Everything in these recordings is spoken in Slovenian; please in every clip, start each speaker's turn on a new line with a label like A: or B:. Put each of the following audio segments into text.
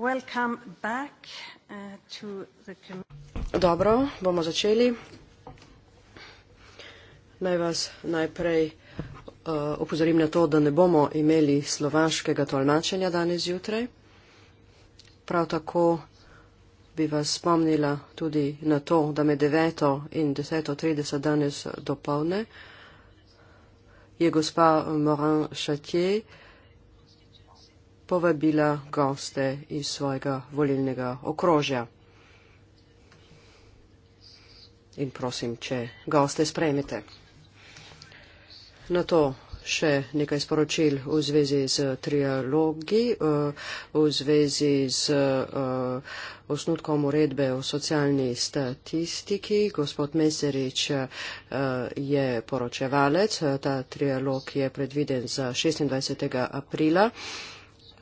A: Uh, Dobro, bomo začeli. Naj vas najprej uh, opozorim na to, da ne bomo imeli slovaškega tolmačenja danes zjutraj. Prav tako bi vas spomnila tudi na to, da med 9. in 10.30 danes dopolne je gospa Morin Chatier povabila goste iz svojega volilnega okrožja. In prosim, če goste sprejmete. Na to še nekaj sporočil v zvezi z trialogi, eh, v zvezi z eh, osnutkom uredbe o socialni statistiki. Gospod Meserič eh, je poročevalec. Ta trialog je predviden za 26. aprila.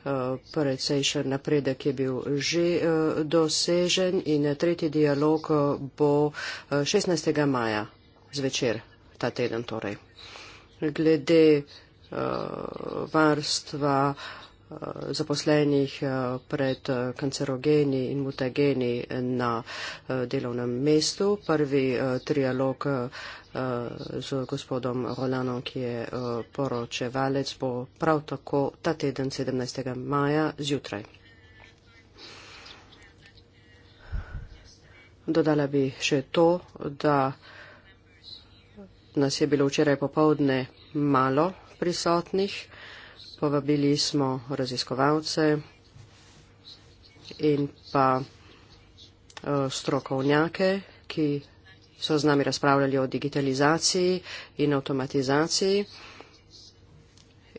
A: Eh, precejšen napredek je bil že eh, dosežen in tretji dialog eh, bo 16. maja zvečer, ta teden torej. Glede varstva uh, zaposlenih eh, pred eh, kancerogeni in mutageni eh, na delovnem mestu. Prvi trialog z gospodom Rolanom, ki je poročevalec, bo prav tako ta teden 17. maja zjutraj. Dodala bi še to, da nas je bilo včeraj popovdne malo prisotnih. Povabili smo raziskovalce in pa eh, strokovnjake, ki so z nami razpravljali o digitalizaciji in avtomatizaciji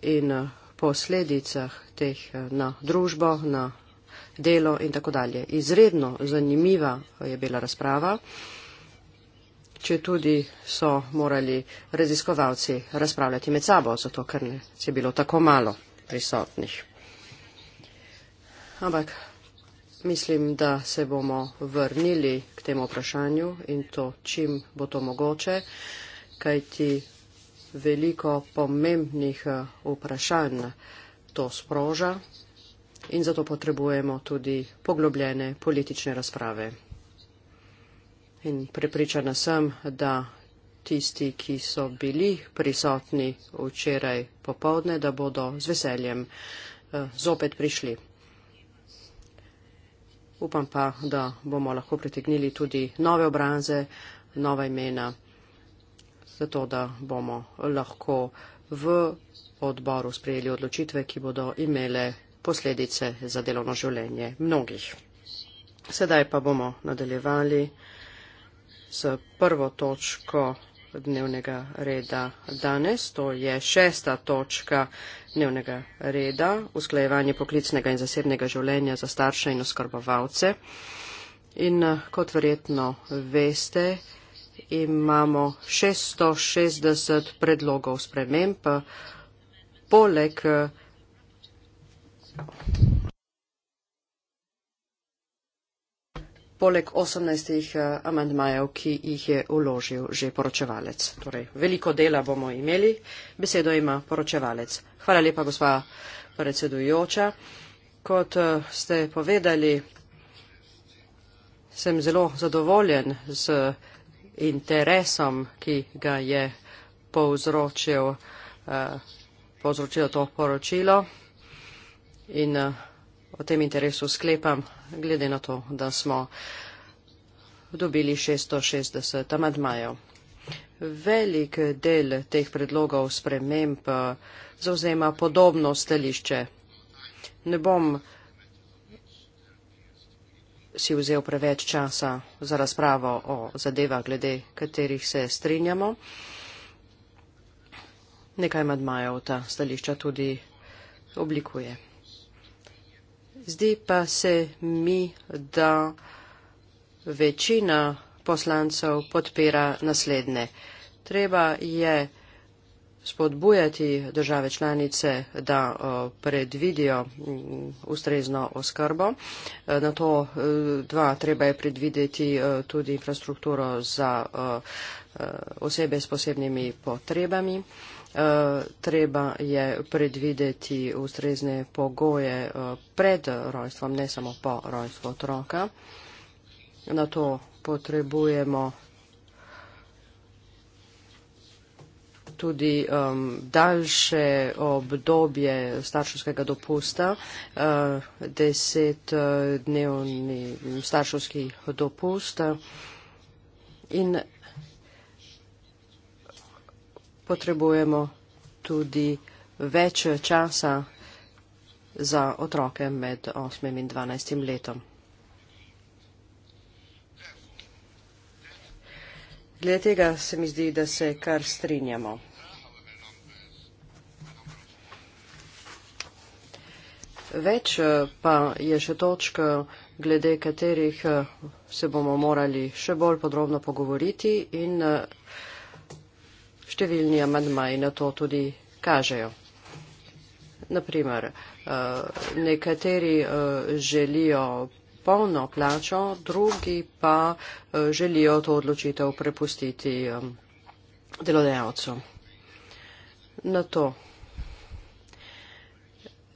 A: in eh, posledicah teh eh, na družbo, na delo in tako dalje. Izredno zanimiva je bila razprava če tudi so morali raziskovalci razpravljati med sabo, zato ker je bilo tako malo prisotnih. Ampak mislim, da se bomo vrnili k temu vprašanju in to čim bo to mogoče, kajti veliko pomembnih eh, vprašanj to sproža in zato potrebujemo tudi poglobljene politične razprave. In prepričana sem, da tisti, ki so bili prisotni včeraj popovdne, da bodo z veseljem eh, zopet prišli. Upam pa, da bomo lahko pritegnili tudi nove obraze, nove imena, zato da bomo lahko v odboru sprejeli odločitve, ki bodo imele posledice za delovno življenje mnogih. Sedaj pa bomo nadaljevali s prvo točko dnevnega reda danes. To je šesta točka dnevnega reda, usklajevanje poklicnega in zasebnega življenja za starše in oskrbovalce. In eh, kot verjetno veste, imamo 660 predlogov sprememb. Poleg eh, poleg 18 eh, amendmajev, ki jih je uložil že poročevalec. Torej, veliko dela bomo imeli, besedo ima poročevalec. Hvala lepa, gospa predsedujoča. Kot eh, ste povedali, sem zelo zadovoljen z interesom, ki ga je povzročil, eh, povzročil to poročilo. In o tem interesu sklepam, glede na to, da smo dobili 660 amadmajev. Velik del teh predlogov sprememb eh, zauzema podobno stališče. Ne bom si vzel preveč časa za razpravo o zadevah, glede katerih se strinjamo. Nekaj madmajev ta stališča tudi oblikuje. Zdaj pa se mi, da večina poslancev podpira naslednje. Treba je spodbujati države članice, da predvidijo mm, ustrezno oskrbo. E, na to e, dva treba je predvideti e, tudi infrastrukturo za osebe s posebnimi potrebami. Eh, treba je predvideti ustrezne pogoje eh, pred rojstvom, ne samo po rojstvu otroka. Na to potrebujemo tudi um, daljše obdobje starševskega dopusta, uh, desetdnevni starševski dopust in potrebujemo tudi več časa za otroke med 8 in 12 letom. Glede tega se mi zdi, da se kar strinjamo. Več eh, pa je še točk, eh, glede katerih eh, se bomo morali še bolj podrobno pogovoriti in številni amandmaji na to tudi kažejo. Naprimer, eh, nekateri eh, želijo polno plačo, drugi pa eh, želijo to odločitev prepustiti delodajalcu. Na to.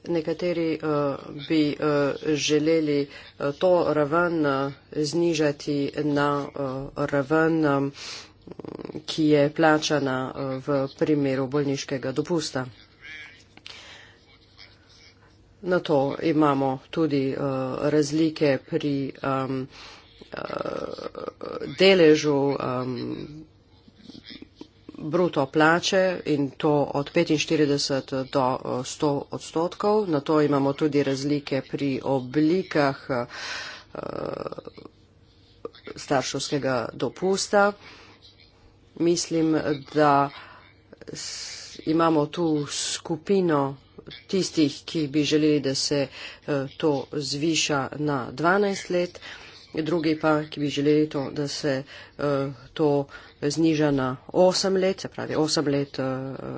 A: Nekateri uh, bi uh, želeli uh, to raven uh, znižati na uh, raven uh, ki je plačana eh, v primeru bolniškega dopusta. Na to imamo tudi eh, razlike pri eh, deležu bruto plače in to od 45 do 100 odstotkov. Na to imamo tudi razlike pri oblikah starševskega dopusta mislim, da imamo tu skupino tistih, ki bi želeli, da se eh, to zviša na 12 let, drugi pa, ki bi želeli to, da se eh, to zniža na 8 let, se pravi 8 let eh,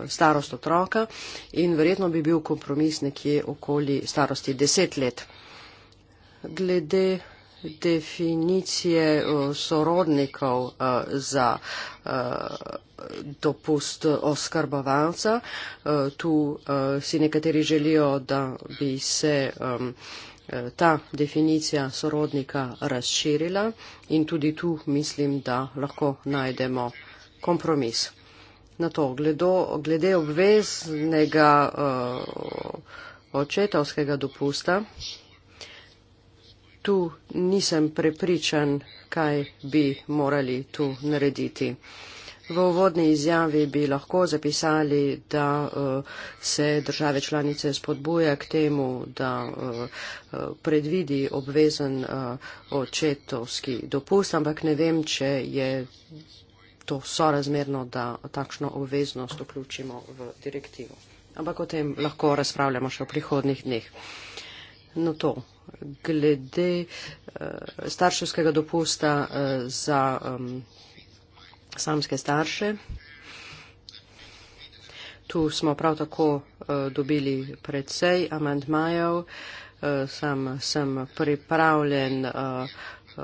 A: starost otroka in verjetno bi bil kompromis nekje okoli starosti 10 let. Glede definicije eh, sorodnikov eh, za eh, dopust oskrbovalca. Tu si nekateri želijo, da bi se ta definicija sorodnika razširila in tudi tu mislim, da lahko najdemo kompromis. Na to, glede obveznega očetovskega dopusta tu nisem prepričan, kaj bi morali tu narediti. V uvodni izjavi bi lahko zapisali, da uh, se države članice spodbuja k temu, da uh, uh, predvidi obvezen očetovski dopust, ampak ne vem, če je to sorazmerno, da takšno obveznost vključimo v direktivo. Ampak o tem lahko razpravljamo še v prihodnih dneh. No to, glede uh, starševskega dopusta uh, za um, samske starše. Tu smo prav tako uh, dobili predsej amantmajev. Uh, sam sem pripravljen uh, Eh,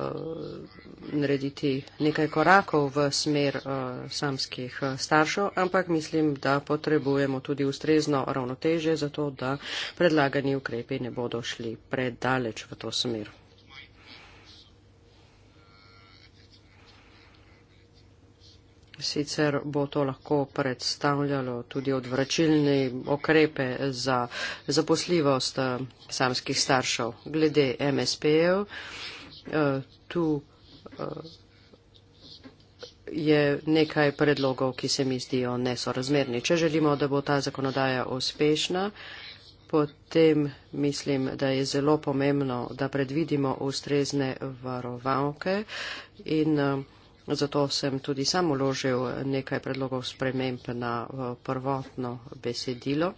A: narediti nekaj korakov v smer eh, samskih eh, staršev, ampak mislim, da potrebujemo tudi ustrezno ravnoteže za to, da predlagani ukrepi ne bodo šli predaleč v to smer. Sicer bo to lahko predstavljalo tudi odvračilne okrepe za zaposljivost samskih staršev glede MSP-jev uh, tu uh, je nekaj predlogov, ki se mi zdijo nesorazmerni. Če želimo, da bo ta zakonodaja uspešna, potem mislim, da je zelo pomembno, da predvidimo ustrezne varovalke in uh, Zato sem tudi sam uložil nekaj predlogov sprememb na prvotno besedilo.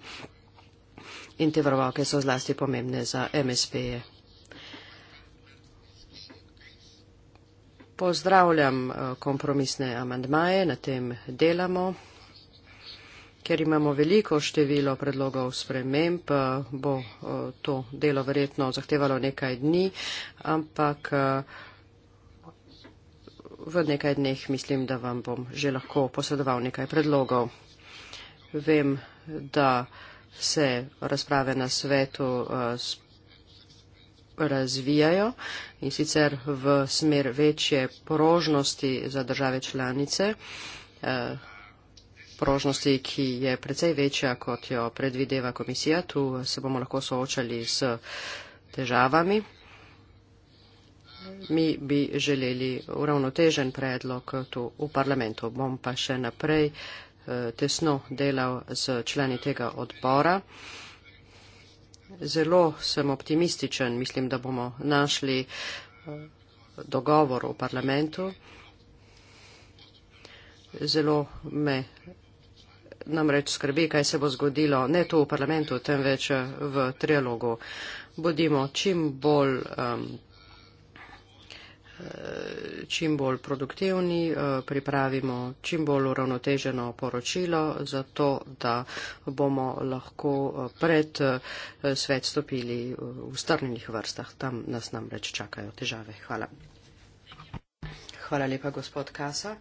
A: In te varovalke so zlasti pomembne za MSP-je. Pozdravljam eh, kompromisne amandmaje, na tem delamo. Ker imamo veliko število predlogov sprememb, eh, bo eh, to delo verjetno zahtevalo nekaj dni, ampak v nekaj dneh mislim, da vam bom že lahko posredoval nekaj predlogov. Vem, da se razprave na svetu uh, razvijajo in sicer v smer večje prožnosti za države članice, eh, prožnosti, ki je precej večja, kot jo predvideva komisija. Tu se bomo lahko soočali s težavami. Mi bi želeli uravnotežen predlog tu v parlamentu. Bom pa še naprej eh, tesno delal z člani tega odbora. Zelo sem optimističen. Mislim, da bomo našli eh, dogovor v parlamentu. Zelo me namreč skrbi, kaj se bo zgodilo ne tu v parlamentu, temveč eh, v trialogu. Bodimo čim bolj. Um, čim bolj produktivni, eh, pripravimo čim bolj uravnoteženo poročilo, zato da bomo lahko eh, pred eh, svet stopili v strnjenih vrstah. Tam nas namreč čakajo težave. Hvala. Hvala lepa, gospod Kasa.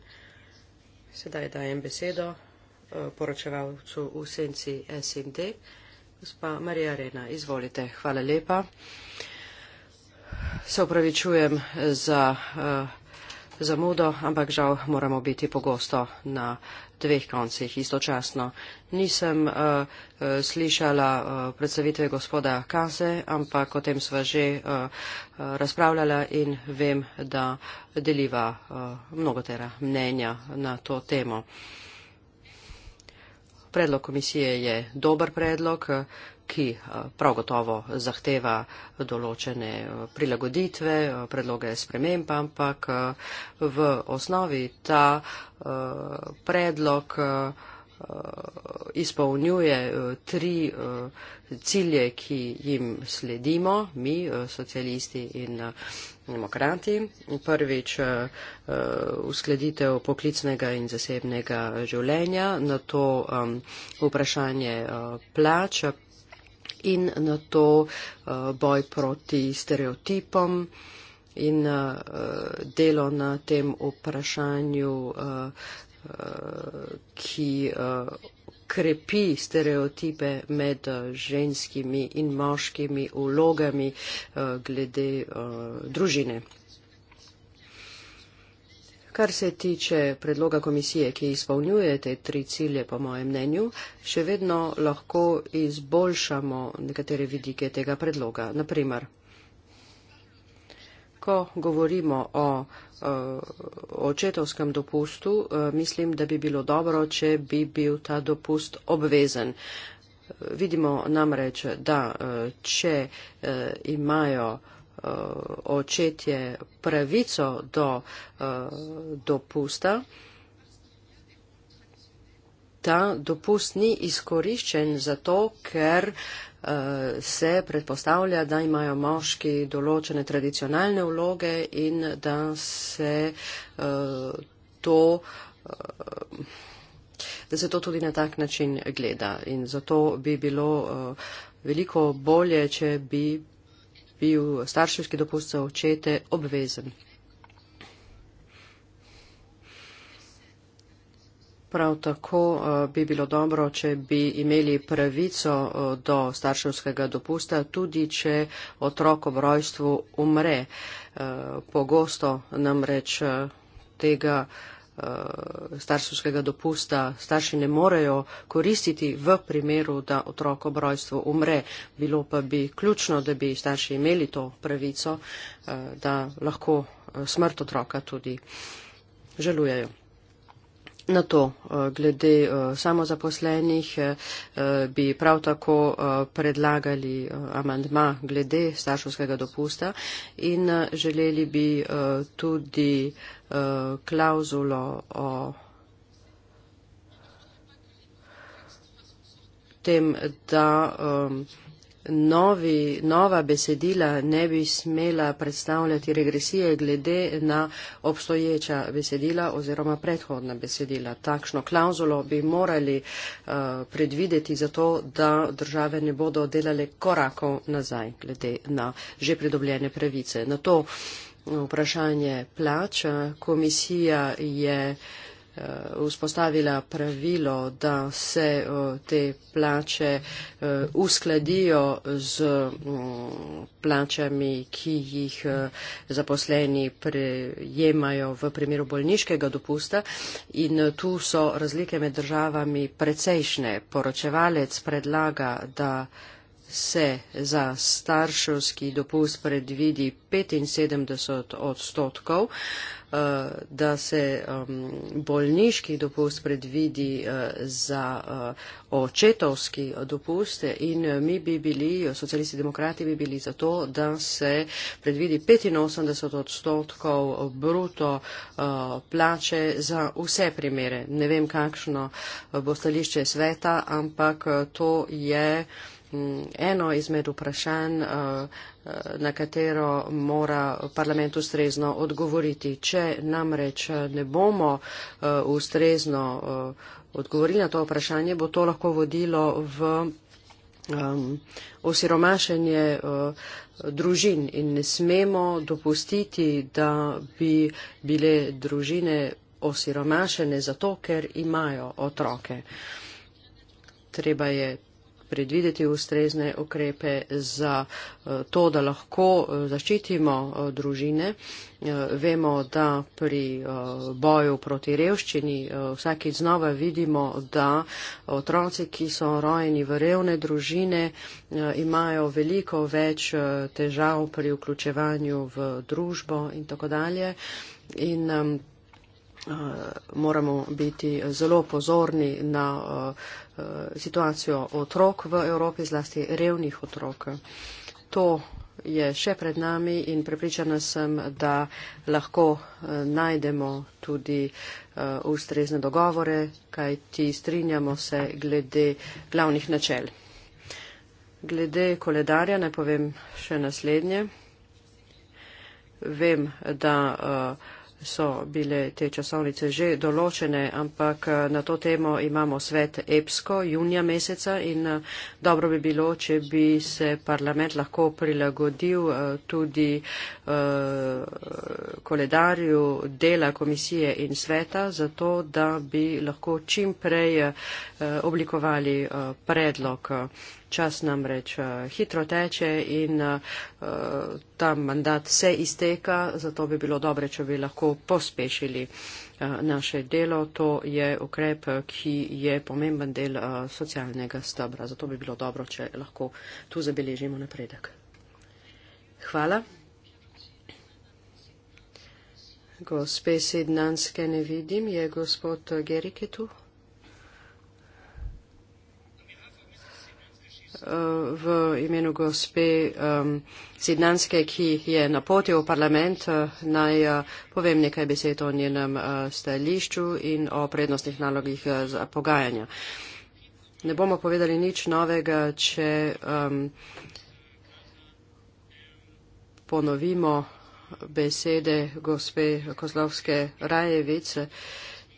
A: Sedaj dajem besedo poročevalcu v senci SMD. Gospa Marija Rena, izvolite. Hvala lepa se upravičujem za eh, zamudo, ampak žal moramo biti pogosto na dveh koncih istočasno. Nisem uh, slišala uh, predstavitve gospoda Kase, ampak o tem sva že uh, razpravljala in vem, da deliva uh, mnogotera mnenja na to temo. Predlog komisije je dober predlog. Uh, ki eh, prav gotovo zahteva določene eh, prilagoditve, eh, predloge sprememb, ampak v osnovi ta predlog izpolnjuje tri cilje, ki jim sledimo, mi, socialisti in demokrati. Prvič, uskladitev poklicnega in zasebnega življenja, na to vprašanje plač, in na to eh, boj proti stereotipom in eh, delo na tem vprašanju, eh, ki krepi stereotipe med ženskimi in moškimi vlogami glede družine. Kar se tiče predloga komisije, ki izpolnjuje te tri cilje, po mojem mnenju, še vedno lahko izboljšamo nekatere vidike tega predloga. Naprimer, ko govorimo o, o očetovskem dopustu, e, mislim, da bi bilo dobro, če bi bil ta dopust obvezen. E, vidimo namreč, da e, če imajo Eh, očetje pravico do eh, dopusta, ta dopust ni izkoriščen zato, ker eh, se predpostavlja, da imajo moški določene tradicionalne vloge in da se to da se to tudi na tak način gleda. In zato bi bilo uh, veliko bolje, če bi bil starševski dopust za očete obvezen. Prav tako eh, bi bilo dobro, če bi imeli pravico eh, do starševskega dopusta, tudi če otrok ob rojstvu umre. Eh, Pogosto namreč tega Eh, starševskega dopusta starši ne morejo koristiti v primeru, da otrok ob rojstvu umre. Bilo pa bi ključno, da bi starši imeli to pravico, eh, da lahko eh, smrt otroka tudi žalujejo. Na to, eh, glede eh, samozaposlenih, eh, bi prav tako predlagali amandma glede starševskega dopusta in želeli bi tudi klauzulo o tem, da um, novi, nova besedila ne bi smela predstavljati regresije glede na obstoječa besedila oziroma predhodna besedila. Takšno klauzulo bi morali uh, predvideti zato, da države ne bodo delale korakov nazaj glede na že pridobljene pravice. Na to vprašanje plač komisija je uh, Eh, vzpostavila pravilo, da se eh, te plače eh, uskladijo z mm, plačami, ki jih zaposleni prejemajo v primeru bolniškega dopusta. In tu so razlike med državami precejšnje. Poročevalec predlaga, da se za starševski dopust predvidi 75 odstotkov, eh, da se bolniški dopust predvidi eh, za eh, očetovski dopust in mi bi bili, socialisti demokrati bi bili za to, da se predvidi 85 odstotkov bruto plače za vse primere. Ne vem, kakšno bo stališče sveta, ampak to je eno izmed vprašanj, eh, eh, na katero mora parlament ustrezno odgovoriti. Če namreč ne bomo eh, ustrezno odgovorili na to vprašanje, bo to lahko vodilo v osiromašenje družin in ne smemo dopustiti, da bi bile družine osiromašene zato, ker imajo otroke. Treba je predvideti ustrezne ukrepe za eh, to, da lahko eh, zaščitimo eh, družine. Vemo, da pri boju proti revščini vsaki znova vidimo, da otroci, ki so rojeni v revne družine, imajo veliko več težav pri vključevanju v družbo in tako dalje. In, um, Eh, moramo biti zelo pozorni na eh, eh, situacijo otrok v Evropi, zlasti revnih otrok. To je še pred nami in prepričana sem, da lahko najdemo tudi ustrezne dogovore, kaj ti strinjamo se glede glavnih načel. Glede koledarja naj povem še naslednje. Vem, da uh, so bile te časovnice že določene, ampak eh, na to temo imamo svet EPSKO junija meseca in eh, dobro bi bilo, če bi se parlament lahko prilagodil eh, tudi koledarju dela komisije in sveta, zato da bi lahko čim prej oblikovali predlog čas namreč uh, hitro teče in uh, ta mandat se izteka, zato bi bilo dobre, če bi lahko pospešili uh, naše delo. To je ukrep, ki je pomemben del uh, socialnega stabra. Zato bi bilo dobro, če lahko tu zabeležimo napredek. Hvala. Gospe Sednanske ne vidim, je gospod Gerike tu? uh, v imenu gospe um, Zidnanske, ki je na poti v parlament, uh, naj uh, povem nekaj besed o njenem uh, stališču in o prednostnih nalogih uh, za pogajanja. Ne bomo povedali nič novega, če um, ponovimo besede gospe Kozlovske Rajevice,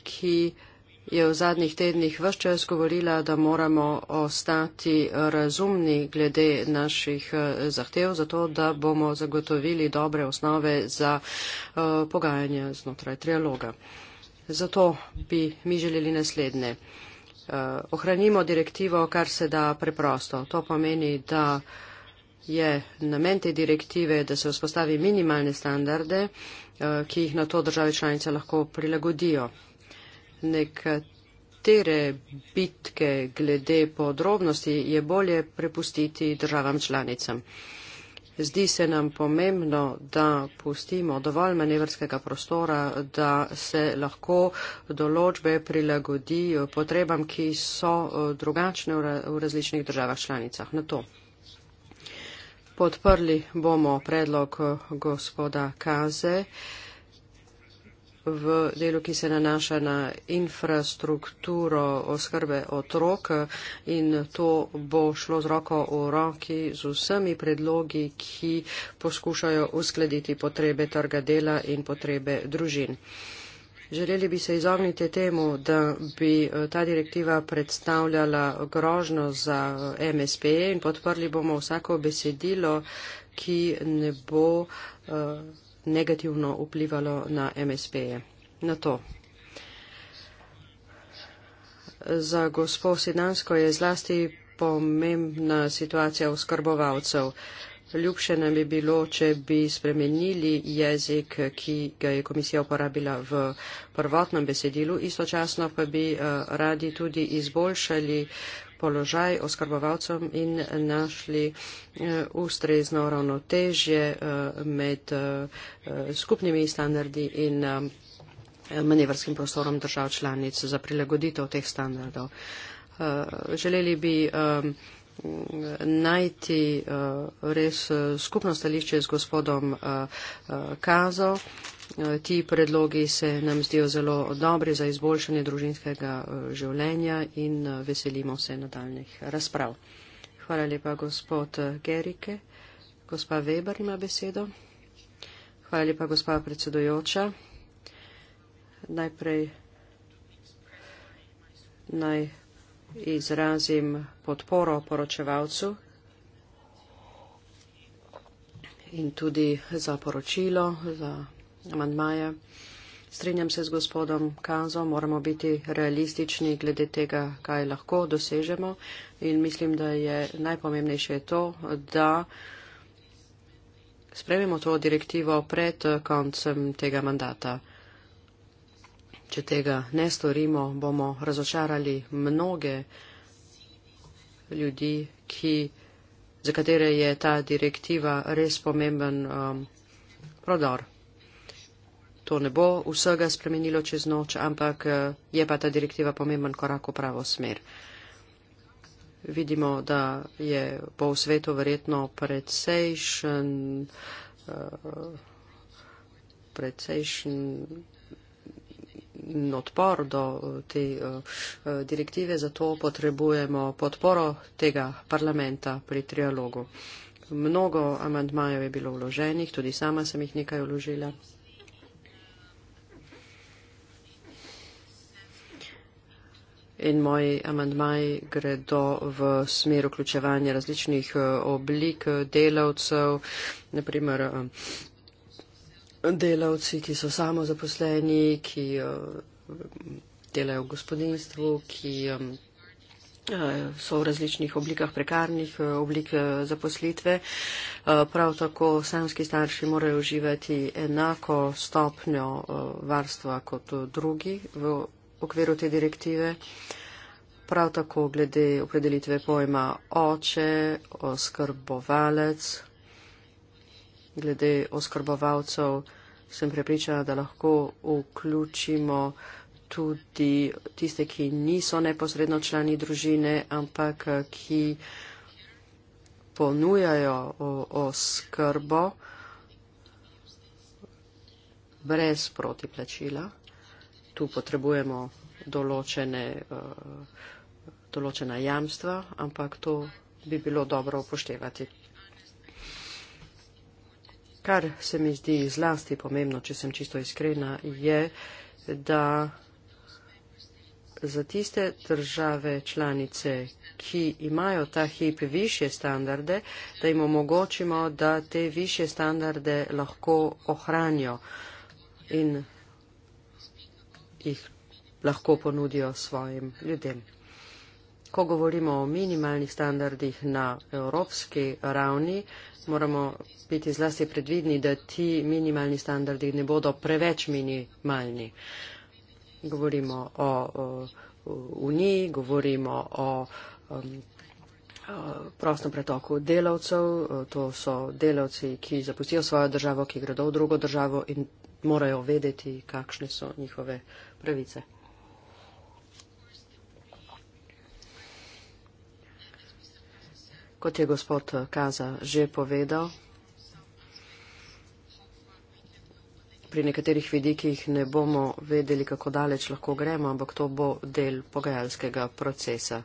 A: ki uh, je v zadnjih tednih vrščas govorila, da moramo ostati razumni glede naših eh, zahtev, zato da bomo zagotovili dobre osnove za eh, pogajanje znotraj trialoga. Zato bi mi želeli naslednje. Eh, ohranimo direktivo, kar se da preprosto. To pomeni, da je namen te direktive, da se vzpostavi minimalne standarde, ki jih na to države članice lahko prilagodijo nekatere bitke glede podrobnosti je bolje prepustiti državam članicam. Zdi se nam pomembno, da pustimo dovolj manevrskega prostora, da se lahko določbe prilagodijo potrebam, ki so eh, drugačne v različnih državah članicah. Na to. Podprli bomo predlog eh, gospoda Kaze. Uh, v delu, ki se nanaša na infrastrukturo oskrbe otrok in to bo šlo z roko v roki z vsemi predlogi, ki poskušajo uskladiti potrebe trga dela in potrebe družin. Želeli bi se izogniti temu, da bi eh, ta direktiva predstavljala grožno za eh, MSP e in podprli bomo vsako besedilo, ki ne bo. Uh, negativno vplivalo na MSP-je. Na to. Za gospo Sidansko je zlasti pomembna situacija oskrbovalcev. Ljubše nam bi bilo, če bi spremenili jezik, ki ga je komisija uporabila v prvotnem besedilu, istočasno pa bi eh, radi tudi izboljšali položaj oskrbovalcem in našli eh, ustrezno ravnotežje eh, med eh, skupnimi standardi in manevrskim prostorom držav članic za prilagoditev teh standardov. Želeli bi najti eh, res eh, skupno stališče z gospodom eh, Kazo. Ti predlogi se nam zdijo zelo dobri za izboljšanje družinskega življenja in veselimo se nadaljnih razprav. Hvala lepa, gospod Gerike. Gospa Weber ima besedo. Hvala lepa, gospa predsedojoča. Najprej naj izrazim podporo poročevalcu in tudi za poročilo, za amandmaje. Strinjam se z gospodom Kazo, moramo biti realistični glede tega, kaj lahko dosežemo in mislim, da je najpomembnejše to, da sprememo to direktivo pred koncem tega mandata. Če tega ne storimo, bomo razočarali mnoge ljudi, ki, za katere je ta direktiva res pomemben um, prodor. To ne bo vsega spremenilo čez noč, ampak uh, je pa ta direktiva pomemben korak v pravo smer. Vidimo, da je po svetu verjetno precejšen. Uh, precejšen in odpor do eh, te eh, eh, direktive, zato potrebujemo podporo tega parlamenta pri trialogu. Mnogo amantmajev je bilo vloženih, tudi sama sem jih nekaj vložila. In moji amantmaji gredo v smer vključevanja različnih oblik delavcev, naprimer delavci, ki so samozaposleni, ki uh, delajo v gospodinstvu, ki um, so v različnih oblikah prekarnih oblik zaposlitve. Prav tako samski starši morajo uživati enako stopnjo varstva kot drugi v okviru te direktive. Prav tako glede opredelitve pojma oče, oskrbovalec, glede oskrbovalcev sem prepričana, da lahko vključimo tudi tiste, ki niso neposredno člani družine, ampak eh, ki ponujajo oskrbo brez protiplačila. Tu potrebujemo določene, eh, določena jamstva, ampak to bi bilo dobro upoštevati. Kar se mi zdi zlasti pomembno, če sem čisto iskrena, je, da za tiste države članice, ki imajo ta hip više standarde, da jim omogočimo, da te više standarde lahko ohranijo in jih lahko ponudijo svojim ljudem. Ko govorimo o minimalnih standardih na evropski ravni, moramo biti zlasti predvidni, da ti minimalni standardi ne bodo preveč minimalni. Govorimo o, o, o Uniji, govorimo o, o, um, o prostem pretoku delavcev, to so delavci, ki zapustijo svojo državo, ki gredo v drugo državo in morajo vedeti, kakšne so njihove pravice. kot je gospod Kaza že povedal, pri nekaterih vidikih ne bomo vedeli, kako daleč lahko gremo, ampak to bo del pogajalskega procesa.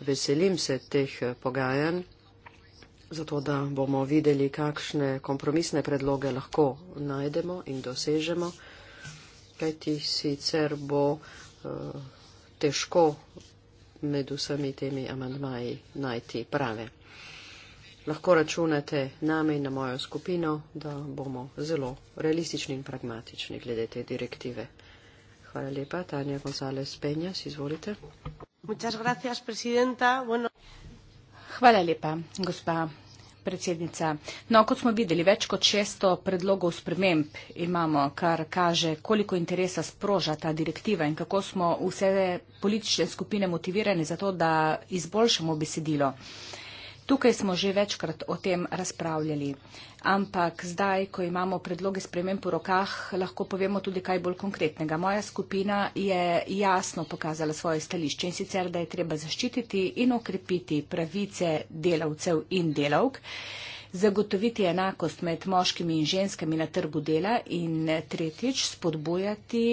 A: Veselim se teh eh, pogajanj, zato da bomo videli, kakšne kompromisne predloge lahko najdemo in dosežemo, kajti sicer bo eh, težko med vsemi temi amandmaji najti prave. Lahko računate name in na mojo skupino, da bomo zelo realistični in pragmatični glede te direktive. Hvala lepa. Tanja González
B: Penjas, izvolite. Gracias, bueno. Hvala lepa, gospa predsednica. No, kot smo videli, več kot 600 predlogov sprememb imamo, kar kaže, koliko interesa sproža ta direktiva in kako smo vse politične skupine motivirane za to, da izboljšamo besedilo. Uh, Tukaj smo že večkrat o tem razpravljali. Ampak zdaj, ko imamo predloge spremem po rokah, lahko povemo tudi kaj bolj konkretnega. Moja skupina je jasno pokazala svoje stališče in sicer, da je treba zaščititi in okrepiti pravice delavcev in delavk, zagotoviti enakost med moškimi in ženskami na trgu dela in tretjič spodbujati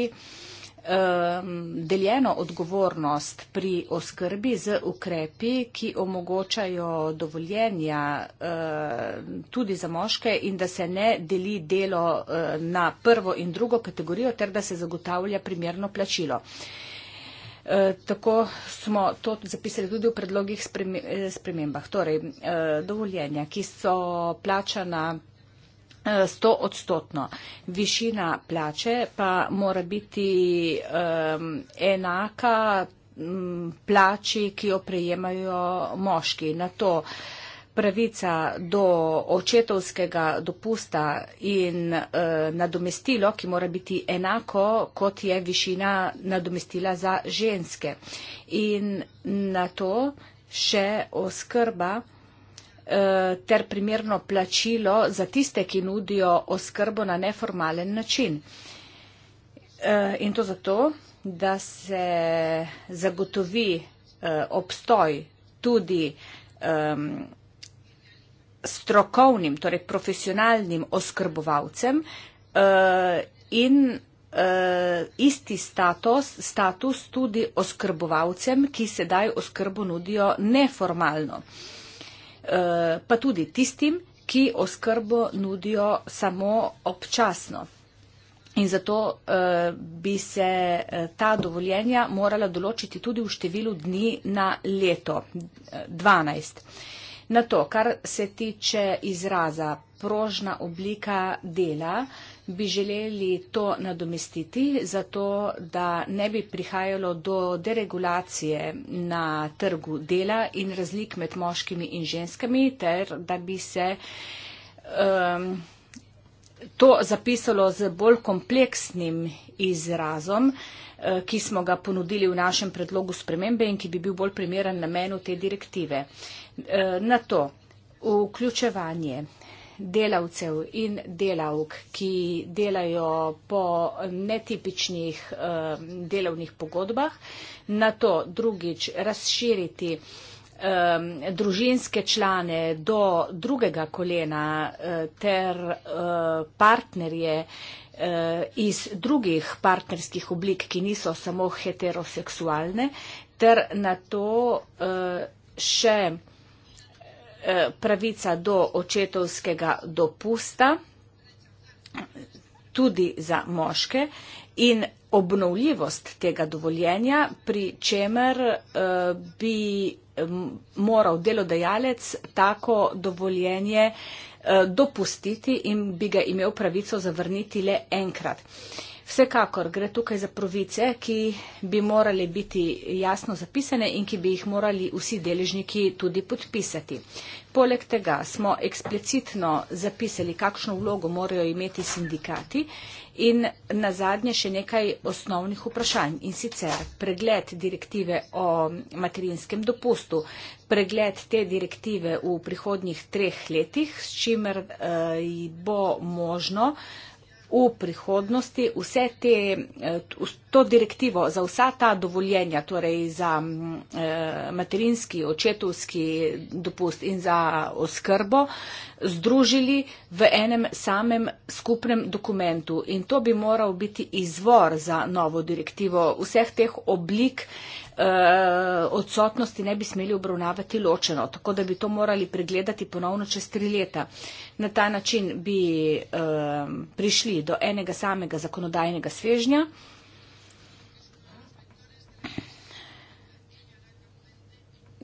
B: um, deljeno odgovornost pri oskrbi z ukrepi, ki omogočajo dovoljenja uh, tudi za moške in da se ne deli delo uh, na prvo in drugo kategorijo, ter da se zagotavlja primerno plačilo. Uh, tako smo to zapisali tudi v predlogih eh, spremembah. Torej, eh, dovoljenja, ki so plačana 100 eh, odstotno. Višina plače pa mora biti um, enaka um, plači, ki jo prejemajo moški. Na to pravica do očetovskega dopusta in uh, nadomestilo, ki mora biti enako, kot je višina nadomestila za ženske. In na to še oskrba. Eh, ter primerno plačilo za tiste, ki nudijo oskrbo na neformalen način. Eh, in to zato, da se zagotovi eh, obstoj tudi strokovnim, torej profesionalnim oskrbovalcem in isti status, status tudi oskrbovalcem, ki sedaj oskrbo nudijo neformalno. Eh, pa tudi tistim, ki oskrbo nudijo samo občasno. In zato eh, bi se eh, ta dovoljenja morala določiti tudi v številu dni na leto, 12. Na to, kar se tiče izraza prožna oblika dela, bi želeli to nadomestiti, zato da ne bi prihajalo do deregulacije na trgu dela in razlik med moškimi in ženskami, ter da bi se um, to zapisalo z bolj kompleksnim izrazom, eh, ki smo ga ponudili v našem predlogu spremembe in ki bi bil bolj primeren namenu te direktive. Eh, na to vključevanje delavcev in delavk, ki delajo po netipičnih eh, delovnih pogodbah, na to drugič razširiti eh, družinske člane do drugega kolena eh, ter partnerje iz drugih partnerskih oblik, ki niso samo heteroseksualne, ter na to še Eh, pravica do očetovskega dopusta tudi za moške in obnovljivost tega dovoljenja, pri čemer eh, bi moral delodajalec tako dovoljenje eh, dopustiti in bi ga imel pravico zavrniti le enkrat. Vsekakor gre tukaj za pravice, ki bi morali biti jasno zapisane in ki bi jih morali vsi deležniki tudi podpisati. Poleg tega smo eksplicitno zapisali, kakšno vlogo morajo imeti sindikati in na zadnje še nekaj osnovnih vprašanj in sicer pregled direktive o materinskem dopustu, pregled te direktive v prihodnjih treh letih, s čimer eh, bo možno eh, v prihodnosti vse te, eh, to direktivo, za vsa ta dovoljenja, torej za mm, eh, materinski, očetovski dopust in za oskrbo, združili v enem samem skupnem dokumentu. In to bi moral biti izvor za novo direktivo. Vseh teh oblik eh, odsotnosti ne bi smeli obravnavati ločeno, tako da bi to morali pregledati ponovno čez tri leta. Na ta način bi eh, prišli do enega samega zakonodajnega svežnja,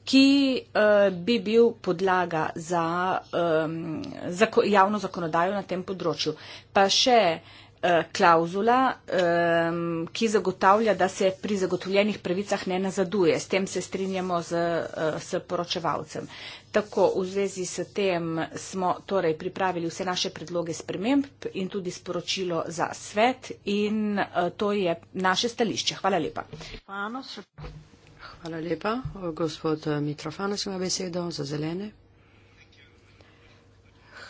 B: ki uh, bi bil podlaga za, um, za javno zakonodajo na tem področju. Pa še uh, eh, klauzula, um, ki zagotavlja, da se pri zagotovljenih pravicah ne nazaduje. S tem se strinjamo z, uh, s poročevalcem. Tako v zvezi s tem smo torej pripravili vse naše predloge sprememb in tudi sporočilo za svet in uh, to je naše stališče. Hvala lepa. Hvala, Hvala lepa.
A: Gospod eh, Mitrofanos ima besedo za zelene.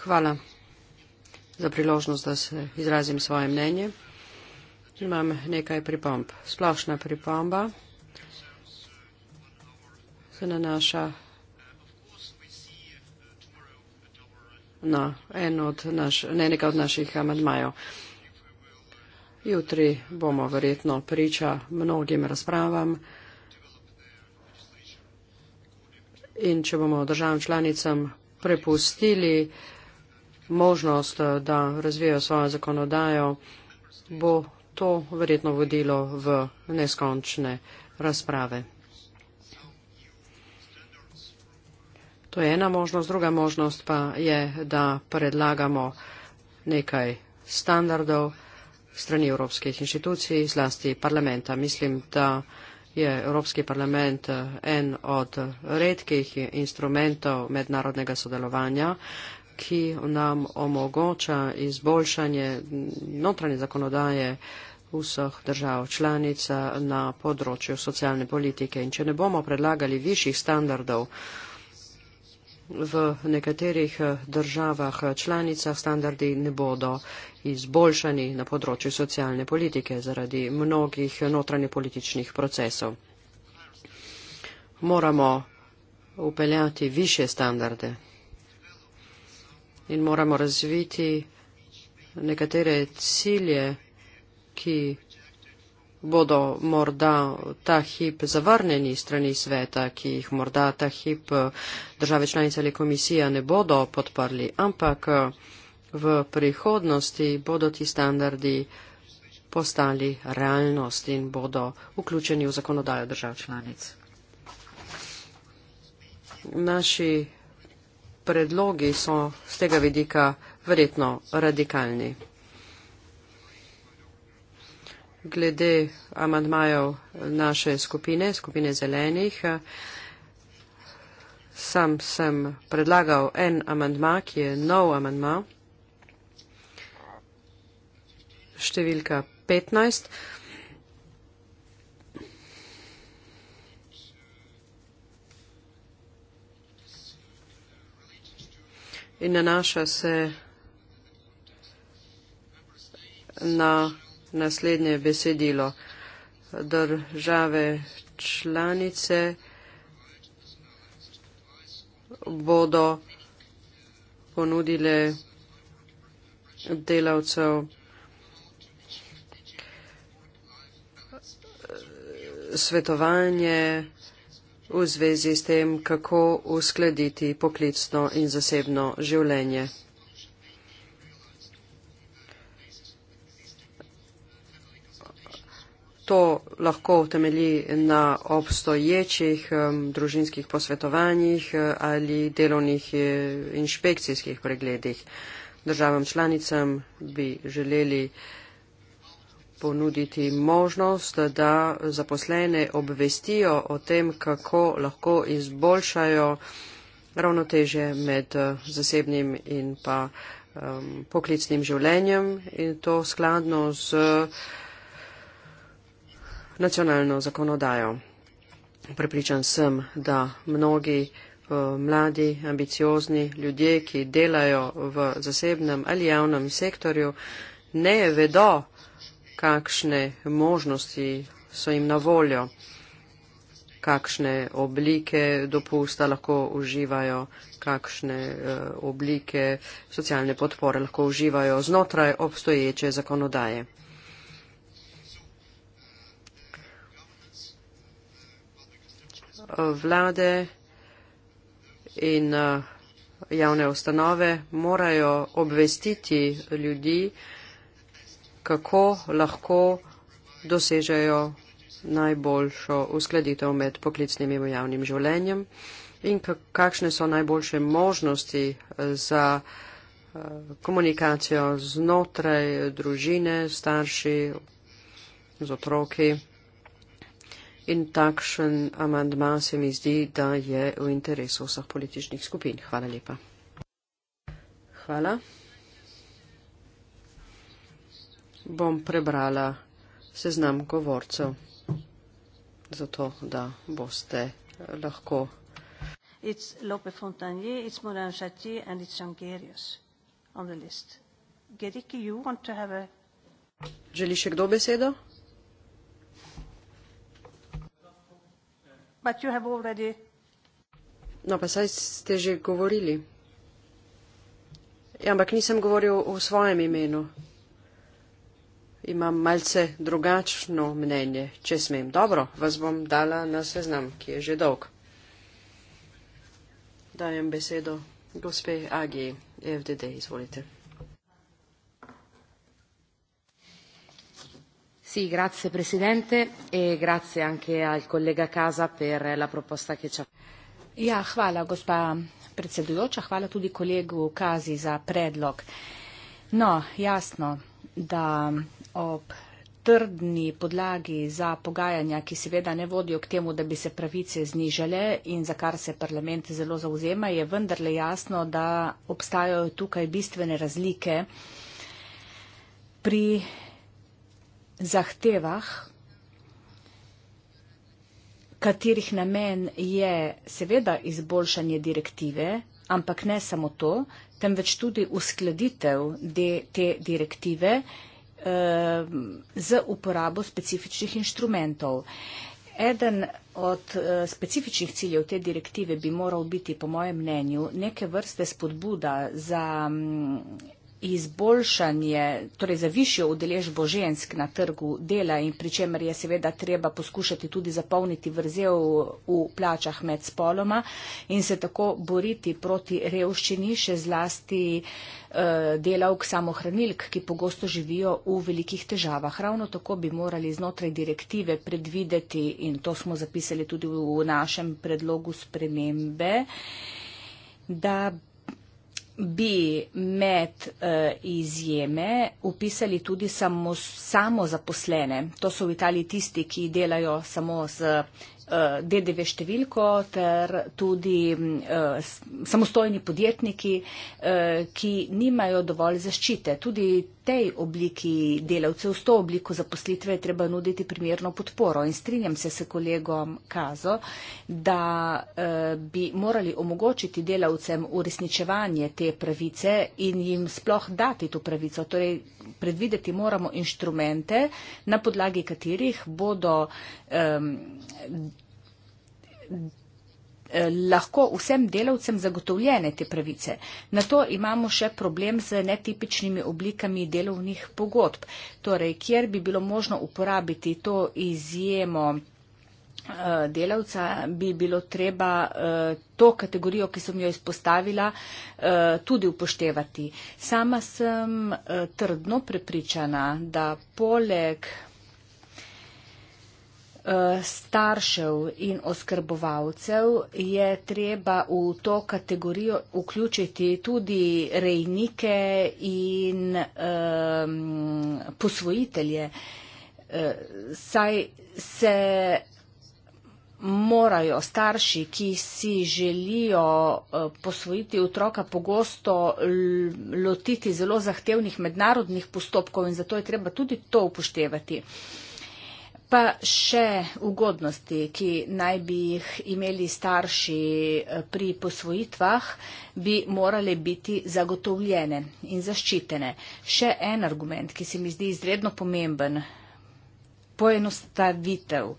A: Hvala za priložnost, da se izrazim svoje mnenje. Imam nekaj pripomb. Splošna pripomba se nanaša na en od naš, ne, nekaj od naših amadmajev. Jutri bomo verjetno priča mnogim razpravam. in če bomo državam članicam prepustili možnost, da razvijajo svojo zakonodajo, bo to verjetno vodilo v neskončne razprave. To je ena možnost. Druga možnost pa je, da predlagamo nekaj standardov strani evropskih inštitucij, zlasti parlamenta. Mislim, da je Evropski parlament eh, en od redkih instrumentov mednarodnega sodelovanja, ki nam omogoča izboljšanje notranje zakonodaje vseh držav članica na področju socialne politike. In če ne bomo predlagali višjih standardov, v nekaterih eh, državah eh, članicah standardi ne bodo izboljšani na področju socialne politike zaradi mnogih eh, notranje političnih procesov. Moramo upeljati više standarde in moramo razviti nekatere cilje, ki bodo morda ta hip zavrneni strani sveta, ki jih morda ta hip eh, države članice ali komisija ne bodo podprli, ampak eh, v prihodnosti bodo ti standardi postali realnost in bodo vključeni v zakonodajo držav članic. Naši predlogi so z tega vidika verjetno radikalni glede amantmajev naše skupine, skupine zelenih. Sam sem predlagal en amantma, ki je nov amantma, številka 15. In nanaša se na naslednje besedilo. Države članice bodo ponudile delavcev svetovanje v zvezi s tem, kako uskladiti poklicno in zasebno življenje. to lahko utemelji na obstoječih um, družinskih posvetovanjih eh, ali delovnih eh, inšpekcijskih pregledih. Državam članicam bi želeli ponuditi možnost, da zaposlene obvestijo o tem, kako lahko izboljšajo ravnoteže med eh, zasebnim in pa um, poklicnim življenjem in to skladno z uh, nacionalno zakonodajo. Prepričan sem, da mnogi eh, mladi, ambiciozni ljudje, ki delajo v zasebnem ali javnem sektorju, ne vedo, kakšne možnosti so jim na voljo, kakšne oblike dopusta lahko uživajo, kakšne eh, oblike socialne podpore lahko uživajo znotraj obstoječe zakonodaje. vlade in eh, javne ustanove morajo obvestiti ljudi, kako lahko dosežejo najboljšo uskladitev med poklicnim in javnim življenjem in kakšne so najboljše možnosti eh, za eh, komunikacijo znotraj družine, starši, z otroki in takšen amandma se mi zdi, da je v interesu vseh političnih skupin. Hvala lepa. Hvala. Bom prebrala seznam govorcev, zato da boste lahko.
B: It's Lope Fontanier, it's Moran Chati and it's Jean Gerius on the list. Gerik, you want to have a...
A: Želi še kdo besedo? But you have already... No, pa saj ste že govorili. Ja, ampak nisem govoril o svojem imenu. Imam malce drugačno mnenje, če smem. Dobro, vas bom dala na seznam, ki je že dolg. Dajem besedo gospe Agi FDD, izvolite.
B: Sì, grazie Presidente e grazie anche al collega Casa per la proposta che ci ha fatto. Ja, hvala, gospa predsedujoča, hvala tudi kolegu Kazi za predlog. No, jasno, da ob trdni podlagi za pogajanja, ki seveda ne vodijo k temu, da bi se pravice znižale in za kar se parlament zelo zauzema, je vendarle jasno, da obstajajo tukaj bistvene razlike pri zahtevah, katerih namen je seveda izboljšanje direktive, ampak ne samo to, temveč tudi uskladitev de, te direktive eh, z uporabo specifičnih inštrumentov. Eden od eh, specifičnih ciljev te direktive bi moral biti, po mojem mnenju, neke vrste spodbuda za. Hm, izboljšanje, torej za višjo udeležbo žensk na trgu dela in pri čemer je seveda treba poskušati tudi zapolniti vrzel v plačah med spoloma in se tako boriti proti revščini, še zlasti eh, delavk samohranilk, ki pogosto živijo v velikih težavah. Ravno tako bi morali znotraj direktive predvideti in to smo zapisali tudi v našem predlogu spremembe, da bi med uh, izjeme upisali tudi samo, samo zaposlene. To so v Italiji tisti, ki delajo samo z uh, eh, DDV številko ter tudi uh, samostojni podjetniki, uh, ki nimajo dovolj zaščite. Tudi tej obliki delavcev, s to obliko zaposlitve je treba nuditi primerno podporo. In strinjam se s kolegom Kazo, da eh, bi morali omogočiti delavcem uresničevanje te pravice in jim sploh dati to pravico. Torej, predvideti moramo inštrumente, na podlagi katerih bodo. Um, lahko vsem delavcem zagotovljene te pravice. Na to imamo še problem z netipičnimi oblikami delovnih pogodb, torej, kjer bi bilo možno uporabiti to izjemo eh, delavca bi bilo treba eh, to kategorijo, ki sem jo izpostavila, eh, tudi upoštevati. Sama sem trdno prepričana, da poleg Eh, staršev in oskrbovalcev je treba v to kategorijo vključiti tudi rejnike in um, posvojitelje, eh, saj se morajo starši, ki si želijo eh, posvojiti otroka, pogosto lotiti zelo zahtevnih mednarodnih postopkov in zato je treba tudi to upoštevati pa še ugodnosti, ki naj bi jih imeli starši eh, pri posvojitvah, bi morale biti zagotovljene in zaščitene. Še en argument, ki se mi zdi izredno pomemben, poenostavitev.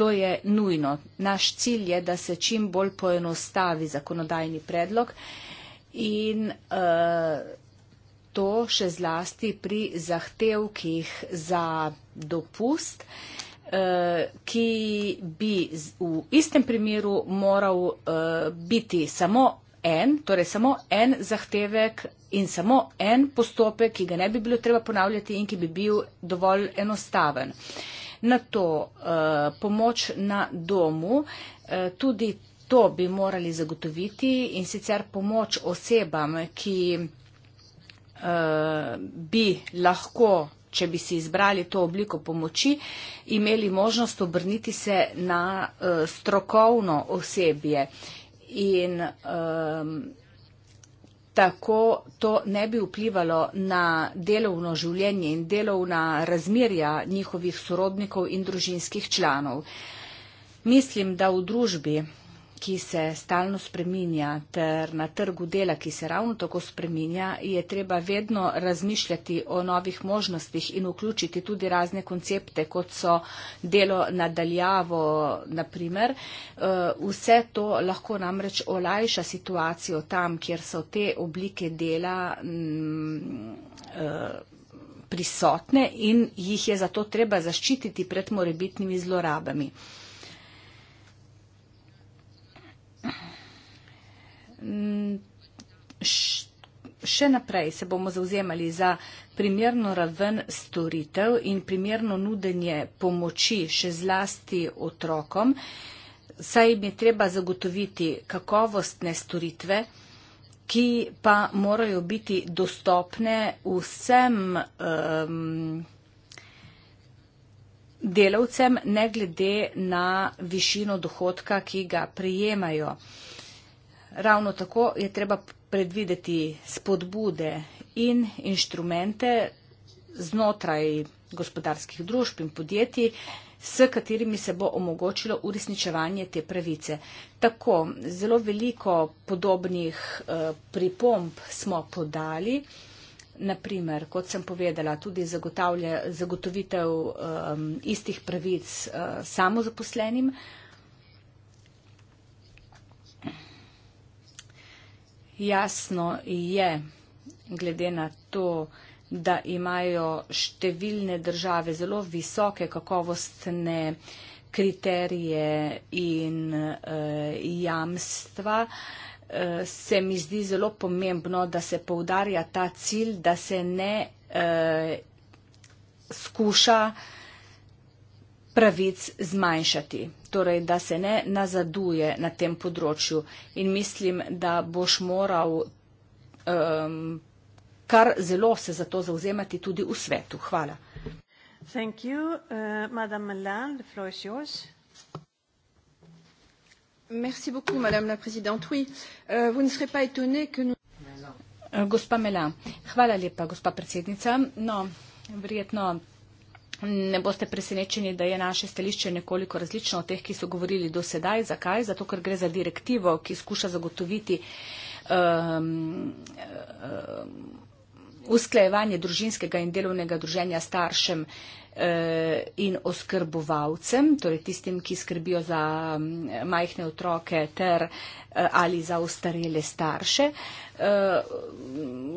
B: To je nujno. Naš cilj je, da se čim bolj poenostavi zakonodajni predlog in uh, to še zlasti pri zahtevkih za dopust. Uh, Eh, ki bi v istem primeru moral eh, biti samo en, torej samo en zahtevek in samo en postopek, ki ga ne bi bilo treba ponavljati in ki bi bil dovolj enostaven. Na to eh, pomoč na domu, tudi to bi morali zagotoviti in sicer pomoč osebam, ki bi lahko če bi si izbrali to obliko pomoči, imeli možnost obrniti se na uh, strokovno osebje. In um, tako to ne bi vplivalo na delovno življenje in delovna razmerja njihovih sorodnikov in družinskih članov. Mislim, da v družbi, ki se stalno spreminja ter na trgu dela, ki se ravno tako spreminja, je treba vedno razmišljati o novih možnostih in vključiti tudi razne koncepte, kot so delo nadaljavo, naprimer. Eh, vse to lahko namreč olajša situacijo tam, kjer so te oblike dela mm, eh, prisotne in jih je zato treba zaščititi pred morebitnimi zlorabami. še naprej se bomo zauzemali za primerno raven storitev in primerno nudenje pomoči še zlasti otrokom, saj jim je treba zagotoviti kakovostne storitve, ki pa morajo biti dostopne vsem um, delavcem, ne glede na višino dohodka, ki ga prijemajo. Uh, ravno tako je treba predvideti spodbude in inštrumente znotraj gospodarskih družb in podjetij, s katerimi se bo omogočilo uresničevanje te pravice. Tako, zelo veliko podobnih eh, pripomb smo podali, naprimer, kot sem povedala, tudi zagotovitev eh, istih pravic eh, samozaposlenim, eh, Jasno je, glede na to, da imajo številne države zelo visoke kakovostne kriterije in eh, jamstva, eh, se mi zdi zelo pomembno, da se poudarja ta cilj, da se ne eh, skuša eh, pravic zmanjšati, torej da se ne nazaduje na tem področju. In mislim, da boš moral um, kar zelo se za to zauzemati tudi v svetu. Hvala.
A: Thank you. Uh, Madame Malan, the floor is yours.
B: Merci beaucoup, Madame la Présidente. Oui, uh, vous ne serez pas étonnée que nous. Gospa Melan, hvala lepa, gospa predsednica. No, verjetno Ne boste presenečeni, da je naše stališče nekoliko različno od teh, ki so govorili do sedaj. Zakaj? Zato, ker gre za direktivo, ki skuša zagotoviti um, um, usklajevanje družinskega in delovnega druženja staršem. Eh, in oskrbovalcem, torej tistim, ki skrbijo za mm, majhne otroke ter eh, ali za ostarele starše. Eh,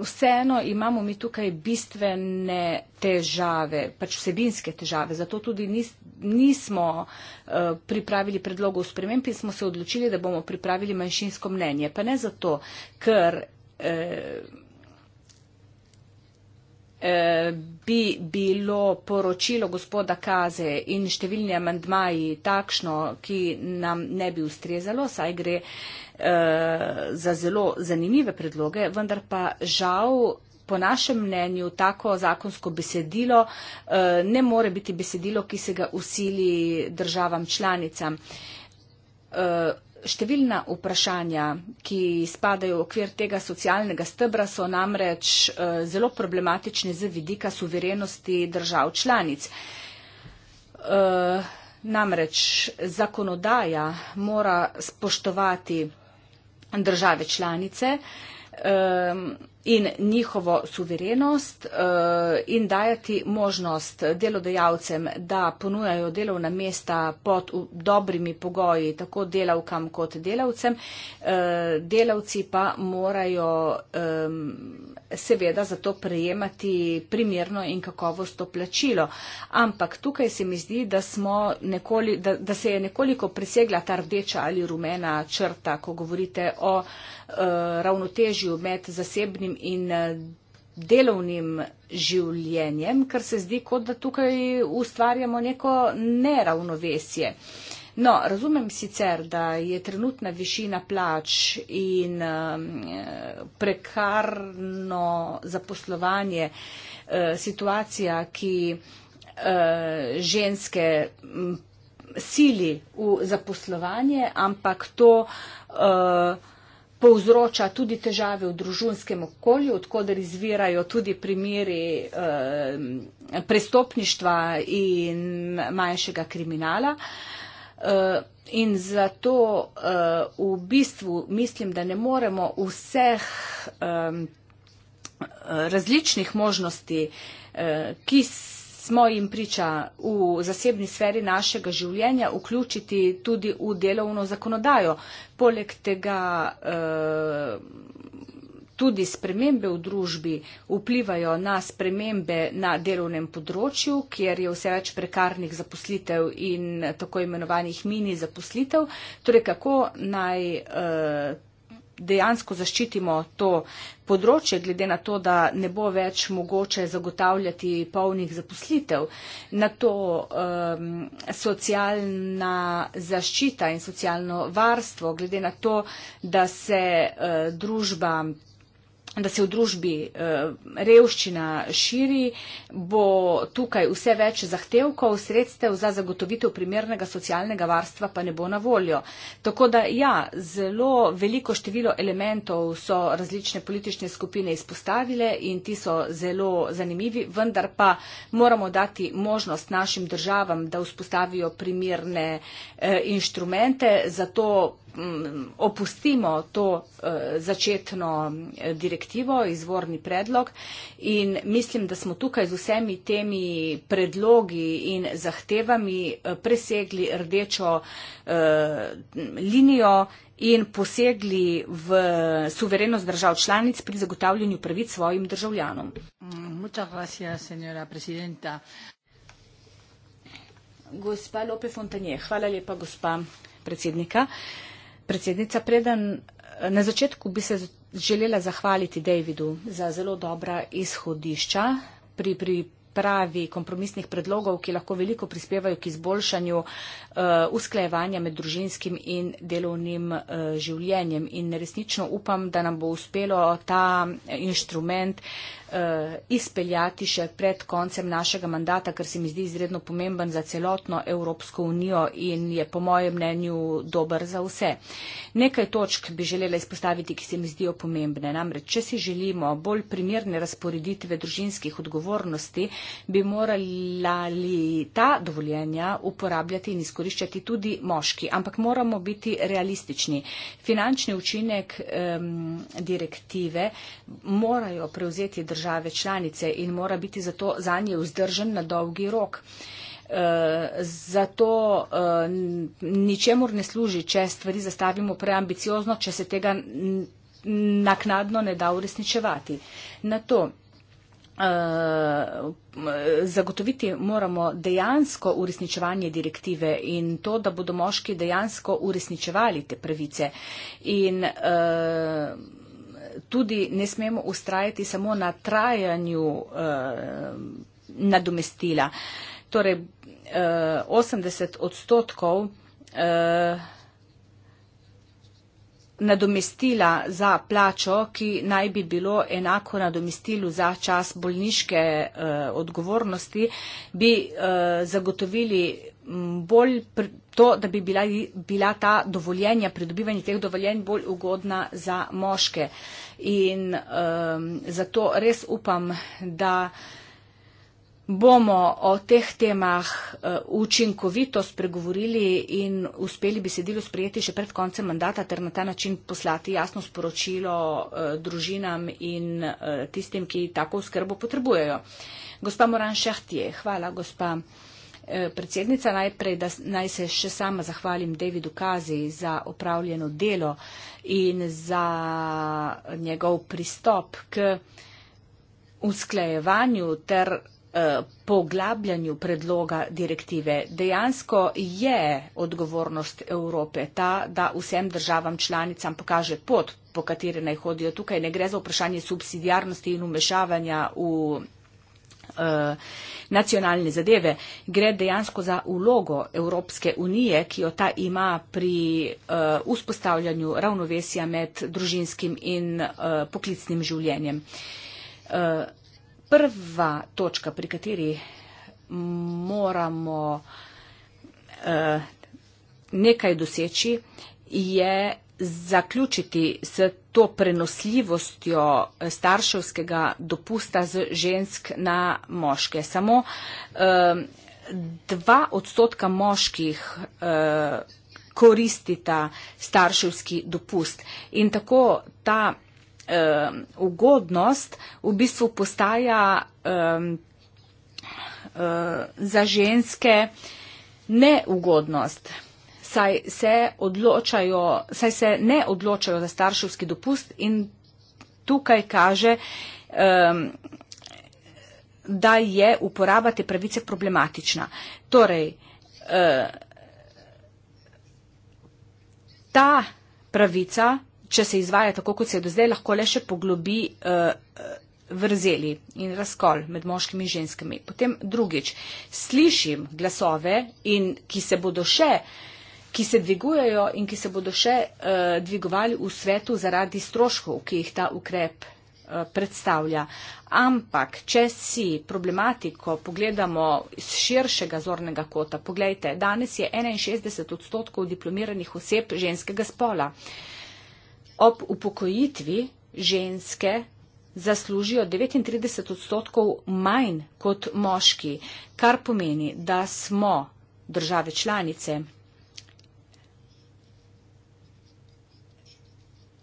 B: vseeno imamo mi tukaj bistvene težave, pač vsebinske težave, zato tudi nis, nismo pripravili predlogov sprememb in smo se odločili, da bomo pripravili manjšinsko mnenje. Pa ne zato, ker. Eh, bi bilo poročilo gospoda Kaze in številni amandmaji takšno, ki nam ne bi ustrezalo, saj gre eh, za zelo zanimive predloge, vendar pa žal. Po našem mnenju tako zakonsko besedilo eh, ne more biti besedilo, ki se ga usili državam članicam. Številna vprašanja, ki spadajo v okvir tega socialnega stebra, so namreč eh, zelo problematične z vidika suverenosti držav članic. Eh, namreč zakonodaja mora spoštovati države članice. Eh, in njihovo suverenost eh, in dajati možnost delodajalcem, da ponujajo delovna mesta pod dobrimi pogoji tako delavkam kot delavcem. Eh, delavci pa morajo seveda za to prejemati primerno in kakovostno plačilo. Ampak tukaj se mi zdi, da, nekoli, da, da se je nekoliko presegla ta rdeča ali rumena črta, ko govorite o eh, ravnotežju med zasebnim zasebnim in eh, delovnim življenjem, ker se zdi, kot da tukaj ustvarjamo neko neravnovesje. No, razumem sicer, da je trenutna višina plač in eh, prekarno zaposlovanje eh, situacija, ki ženske sili v zaposlovanje, ampak to uh, povzroča tudi težave v družinskem okolju, odkudar izvirajo tudi primeri eh, prestopništva in manjšega kriminala. Eh, in zato eh, v bistvu mislim, da ne moremo vseh različnih možnosti, ki se smo jim priča v zasebni sferi našega življenja vključiti tudi v delovno zakonodajo. Poleg tega eh, tudi spremembe v družbi vplivajo na spremembe na delovnem področju, kjer je vse več prekarnih zaposlitev in tako imenovanih mini zaposlitev. Torej, kako naj eh, dejansko zaščitimo to področje, glede na to, da ne bo več mogoče zagotavljati polnih zaposlitev. Na to um, socialna zaščita in socialno varstvo, glede na to, da se uh, družba da se v družbi eh, revščina širi, bo tukaj vse več zahtevkov, sredstev za zagotovitev primernega socialnega varstva pa ne bo na voljo. Tako da ja, zelo veliko število elementov so različne politične skupine izpostavile in ti so zelo zanimivi, vendar pa moramo dati možnost našim državam, da vzpostavijo primerne eh, inštrumente za to Mm, opustimo to eh, začetno eh, direktivo, izvorni predlog in mislim, da smo tukaj z vsemi temi predlogi in zahtevami eh, presegli rdečo linijo in posegli v suverenost držav članic pri zagotavljanju pravic svojim državljanom. Gospa Lope Fontanje, hvala lepa gospa predsednika. Predsednica, preden na začetku bi se želela zahvaliti Davidu za zelo dobra izhodišča pri pripravi kompromisnih predlogov, ki lahko veliko prispevajo k izboljšanju uh, usklajevanja med družinskim in delovnim uh, življenjem. In resnično upam, da nam bo uspelo ta inštrument uh, Eh, izpeljati še pred koncem našega mandata, kar se mi zdi izredno pomemben za celotno Evropsko unijo in je po mojem mnenju dober za vse. Nekaj točk bi želela izpostaviti, ki se mi zdijo pomembne. Namreč, če si želimo bolj primerne razporeditve družinskih odgovornosti, bi morali ta dovoljenja uporabljati in izkoriščati tudi moški. Ampak moramo biti realistični. Finančni učinek um, direktive morajo prevzeti državljani države članice in mora biti zato za nje vzdržen na dolgi rok. E, zato e, ničemur ne služi, če stvari zastavimo preambiciozno, če se tega naknadno ne da uresničevati. Na to e, zagotoviti moramo dejansko uresničevanje direktive in to, da bodo moški dejansko uresničevali te pravice. In, uh, tudi ne smemo ustrajati samo na trajanju eh, nadomestila. Torej, 80 eh, odstotkov eh, nadomestila za plačo, ki naj bi bilo enako nadomestilu za čas bolniške odgovornosti, bi zagotovili bolj pr, to, da bi bila, bila ta dovoljenja, pridobivanje teh dovoljenj bolj ugodna za moške. In um, zato res upam, da bomo o teh temah uh, učinkovito spregovorili in uspeli besedilo sprejeti še pred koncem mandata ter na ta način poslati jasno sporočilo uh, družinam in uh, tistim, ki tako skrbo potrebujejo. Gospa Moran Šahtije, hvala gospa. Eh, predsednica, najprej, da naj se še sama zahvalim Davidu Kazi za opravljeno delo in za njegov pristop k usklajevanju ter eh, poglabljanju predloga direktive. Dejansko je odgovornost Evrope ta, da vsem državam članicam pokaže pot, po kateri naj hodijo. Tukaj ne gre za vprašanje subsidijarnosti in umešavanja v Eh, nacionalne zadeve. Gre dejansko za ulogo Evropske unije, ki jo ta ima pri uh, vzpostavljanju ravnovesja med družinskim in uh, poklicnim življenjem. Uh, prva točka, pri kateri moramo uh, nekaj doseči, je zaključiti s to prenosljivostjo eh, starševskega dopusta z žensk na moške. Samo eh, dva odstotka moških eh, koristita starševski dopust in tako ta ugodnost v bistvu postaja za ženske neugodnost saj se, odločajo, saj se ne odločajo za starševski dopust in tukaj kaže, um, da je uporaba te pravice problematična. Torej, uh, ta pravica, če se izvaja tako, kot se je do zdaj, lahko le še poglobi. Uh, vrzeli in razkol med moškimi in ženskami. Potem drugič, slišim glasove, in ki se bodo še uh, ki se dvigujejo in ki se bodo še uh, dvigovali v svetu zaradi stroškov, ki jih ta ukrep uh, predstavlja. Ampak, če si problematiko pogledamo z širšega zornega kota, pogledajte, danes je 61 odstotkov diplomiranih oseb ženskega spola. Ob upokojitvi ženske zaslužijo 39 odstotkov manj kot moški, kar pomeni, da smo države članice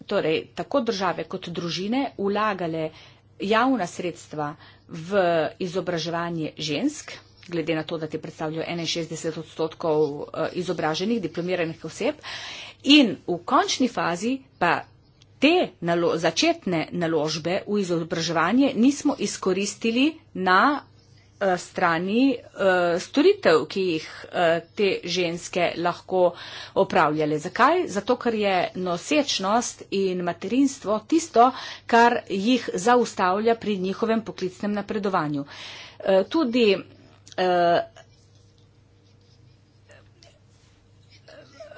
B: torej tako države kot družine vlagale javna sredstva v izobraževanje žensk, glede na to, da te predstavljajo 61 odstotkov eh, izobraženih, diplomiranih oseb, in v končni fazi pa te nalo začetne naložbe v izobraževanje nismo izkoristili na Eh, strani eh, storitev, ki jih eh, te ženske lahko opravljale. Zakaj? Zato, ker je nosečnost in materinstvo tisto, kar jih zaustavlja pri njihovem poklicnem napredovanju. Tudi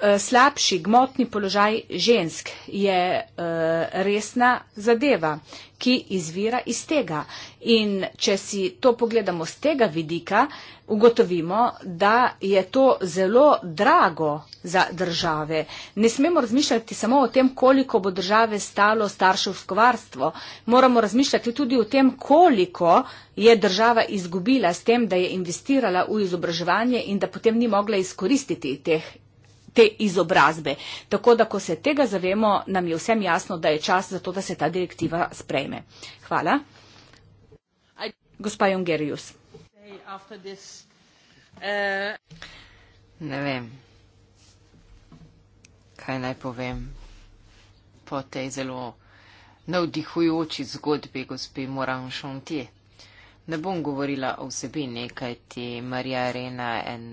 B: Eh, slabši gmotni položaj žensk je eh, resna zadeva, ki izvira iz tega. In če si to pogledamo z tega vidika, ugotovimo, da je to zelo drago za države. Ne smemo razmišljati samo o tem, koliko bo države stalo starševsko varstvo. Moramo razmišljati tudi o tem, koliko je država izgubila s tem, da je investirala v izobraževanje in da potem ni mogla izkoristiti teh te izobrazbe. Tako da, ko se tega zavemo, nam je vsem jasno, da je čas za to, da se ta direktiva sprejme. Hvala. Gospa Jungerius. Ne vem,
C: kaj naj povem po tej zelo navdihujoči zgodbi, gospe Moran Šontije ne bom govorila o vsebini, kaj ti Marija Arena en,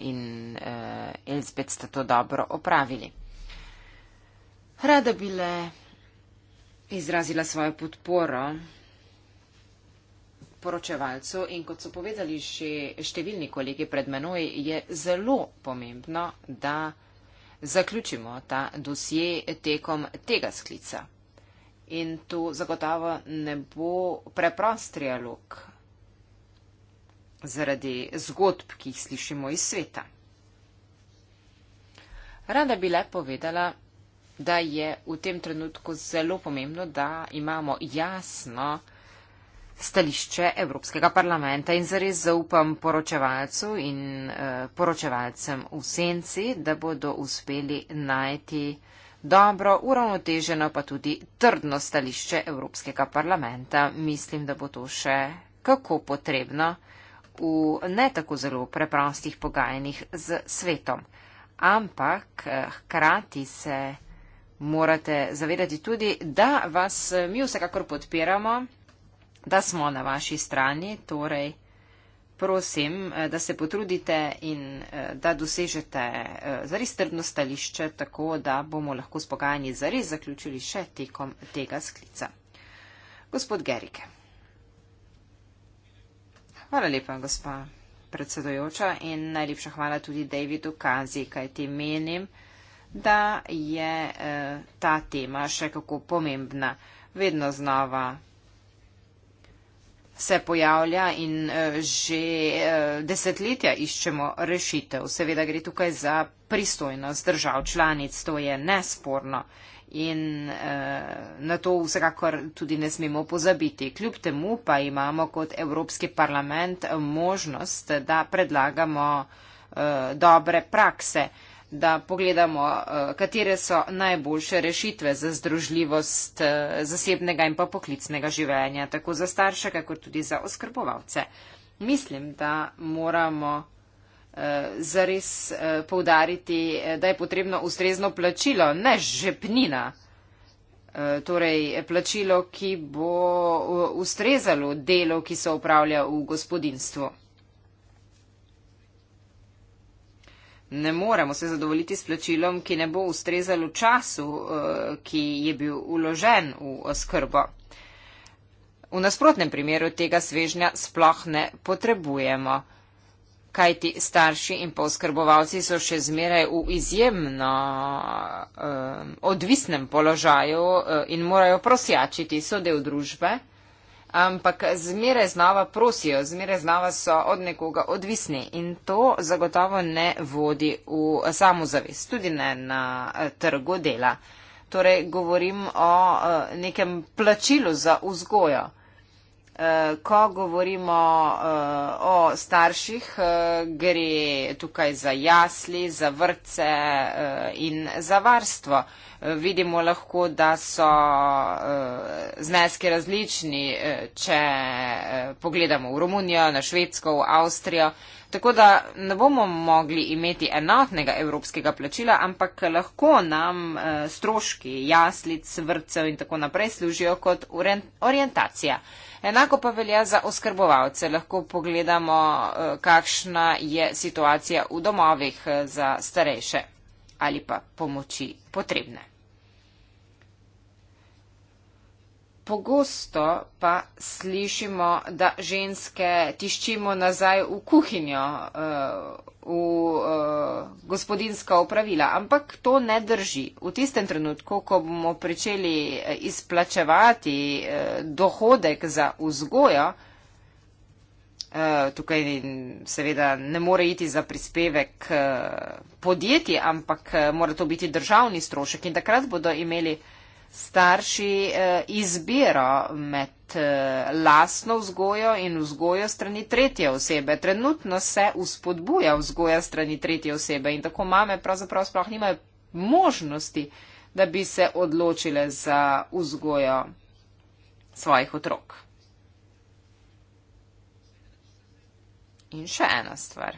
C: in uh, eh, Elspet sta to dobro opravili. Rada bi le izrazila svojo podporo poročevalcu in kot so povedali še številni kolegi pred menoj, je zelo pomembno, da zaključimo ta dosje tekom tega sklica. In tu zagotovo ne bo preprost trialog, zaradi zgodb, ki jih slišimo iz sveta. Rada bi le povedala, da je v tem trenutku zelo pomembno, da imamo jasno stališče Evropskega parlamenta in zares zaupam poročevalcu in uh, poročevalcem v senci, da bodo uspeli najti dobro, uravnoteženo pa tudi trdno stališče Evropskega parlamenta. Mislim, da bo to še kako potrebno v ne tako zelo preprostih pogajanjih z svetom. Ampak eh, hkrati se morate zavedati tudi, da vas eh, mi vsekakor podpiramo, da smo na vaši strani, torej prosim, eh, da se potrudite in da dosežete zares trdno stališče, tako da bomo lahko s pogajanji zares zaključili še tekom tega sklica. Gospod Gerike. Hvala lepa, gospa predsedojoča in najlepša hvala tudi Davidu Kazi, kaj ti menim, da je eh, ta tema še kako pomembna. Vedno znova se pojavlja in eh, že eh, desetletja iščemo rešitev. Seveda gre tukaj za pristojnost držav članic, to je nesporno in uh, na to vsekakor tudi ne smemo pozabiti. Kljub temu pa imamo kot Evropski parlament eh, možnost, da predlagamo uh, dobre prakse, da pogledamo, uh, katere so najboljše rešitve za združljivost uh, zasebnega in pa poklicnega življenja, tako za starše, kako tudi za oskrbovalce. Mislim, da moramo Eh, zares eh, poudariti, eh, da je potrebno ustrezno plačilo, ne žepnina. Torej, plačilo, ki bo ustrezalo delo, ki se upravlja v gospodinstvu. Ne moremo se zadovoljiti s plačilom, ki ne bo ustrezalo času, ki je bil uložen v skrbo. V nasprotnem primeru tega svežnja sploh ne potrebujemo kajti starši in poskrbovalci so še zmeraj v izjemno um, odvisnem položaju uh, in morajo prosjačiti, so del družbe, ampak zmeraj znova prosijo, zmeraj znova so od nekoga odvisni in to zagotovo ne vodi v samozavest, tudi ne na eh, trgu dela. Torej govorim o eh, nekem plačilu za vzgojo. Eh, ko govorimo eh, o starših, eh, gre tukaj za jasli, za vrtce in za varstvo. Vidimo lahko, da so zneski različni, če pogledamo v Romunijo, na Švedsko, v Avstrijo. Tako da ne bomo mogli imeti enotnega evropskega plačila, ampak lahko nam stroški jaslic, vrtcev in tako naprej služijo kot orientacija. Enako pa velja za oskrbovalce. Lahko pogledamo, eh, kakšna je situacija v domovih eh, za starejše ali pa pomoči potrebne. Pogosto pa slišimo, da ženske tiščimo nazaj v kuhinjo, eh, v eh, gospodinska upravila, ampak to ne drži. V tistem trenutku, ko bomo pričeli eh, izplačevati dohodek za vzgojo, tukaj seveda ne more iti za prispevek podjetij, ampak mora to biti državni strošek in takrat bodo imeli starši eh, izbiro med eh, lastno vzgojo in vzgojo strani tretje osebe. Trenutno se uspodbuja vzgoja strani tretje osebe in tako mame pravzaprav sploh nimajo možnosti, da bi se odločile za vzgojo svojih otrok. In še ena stvar.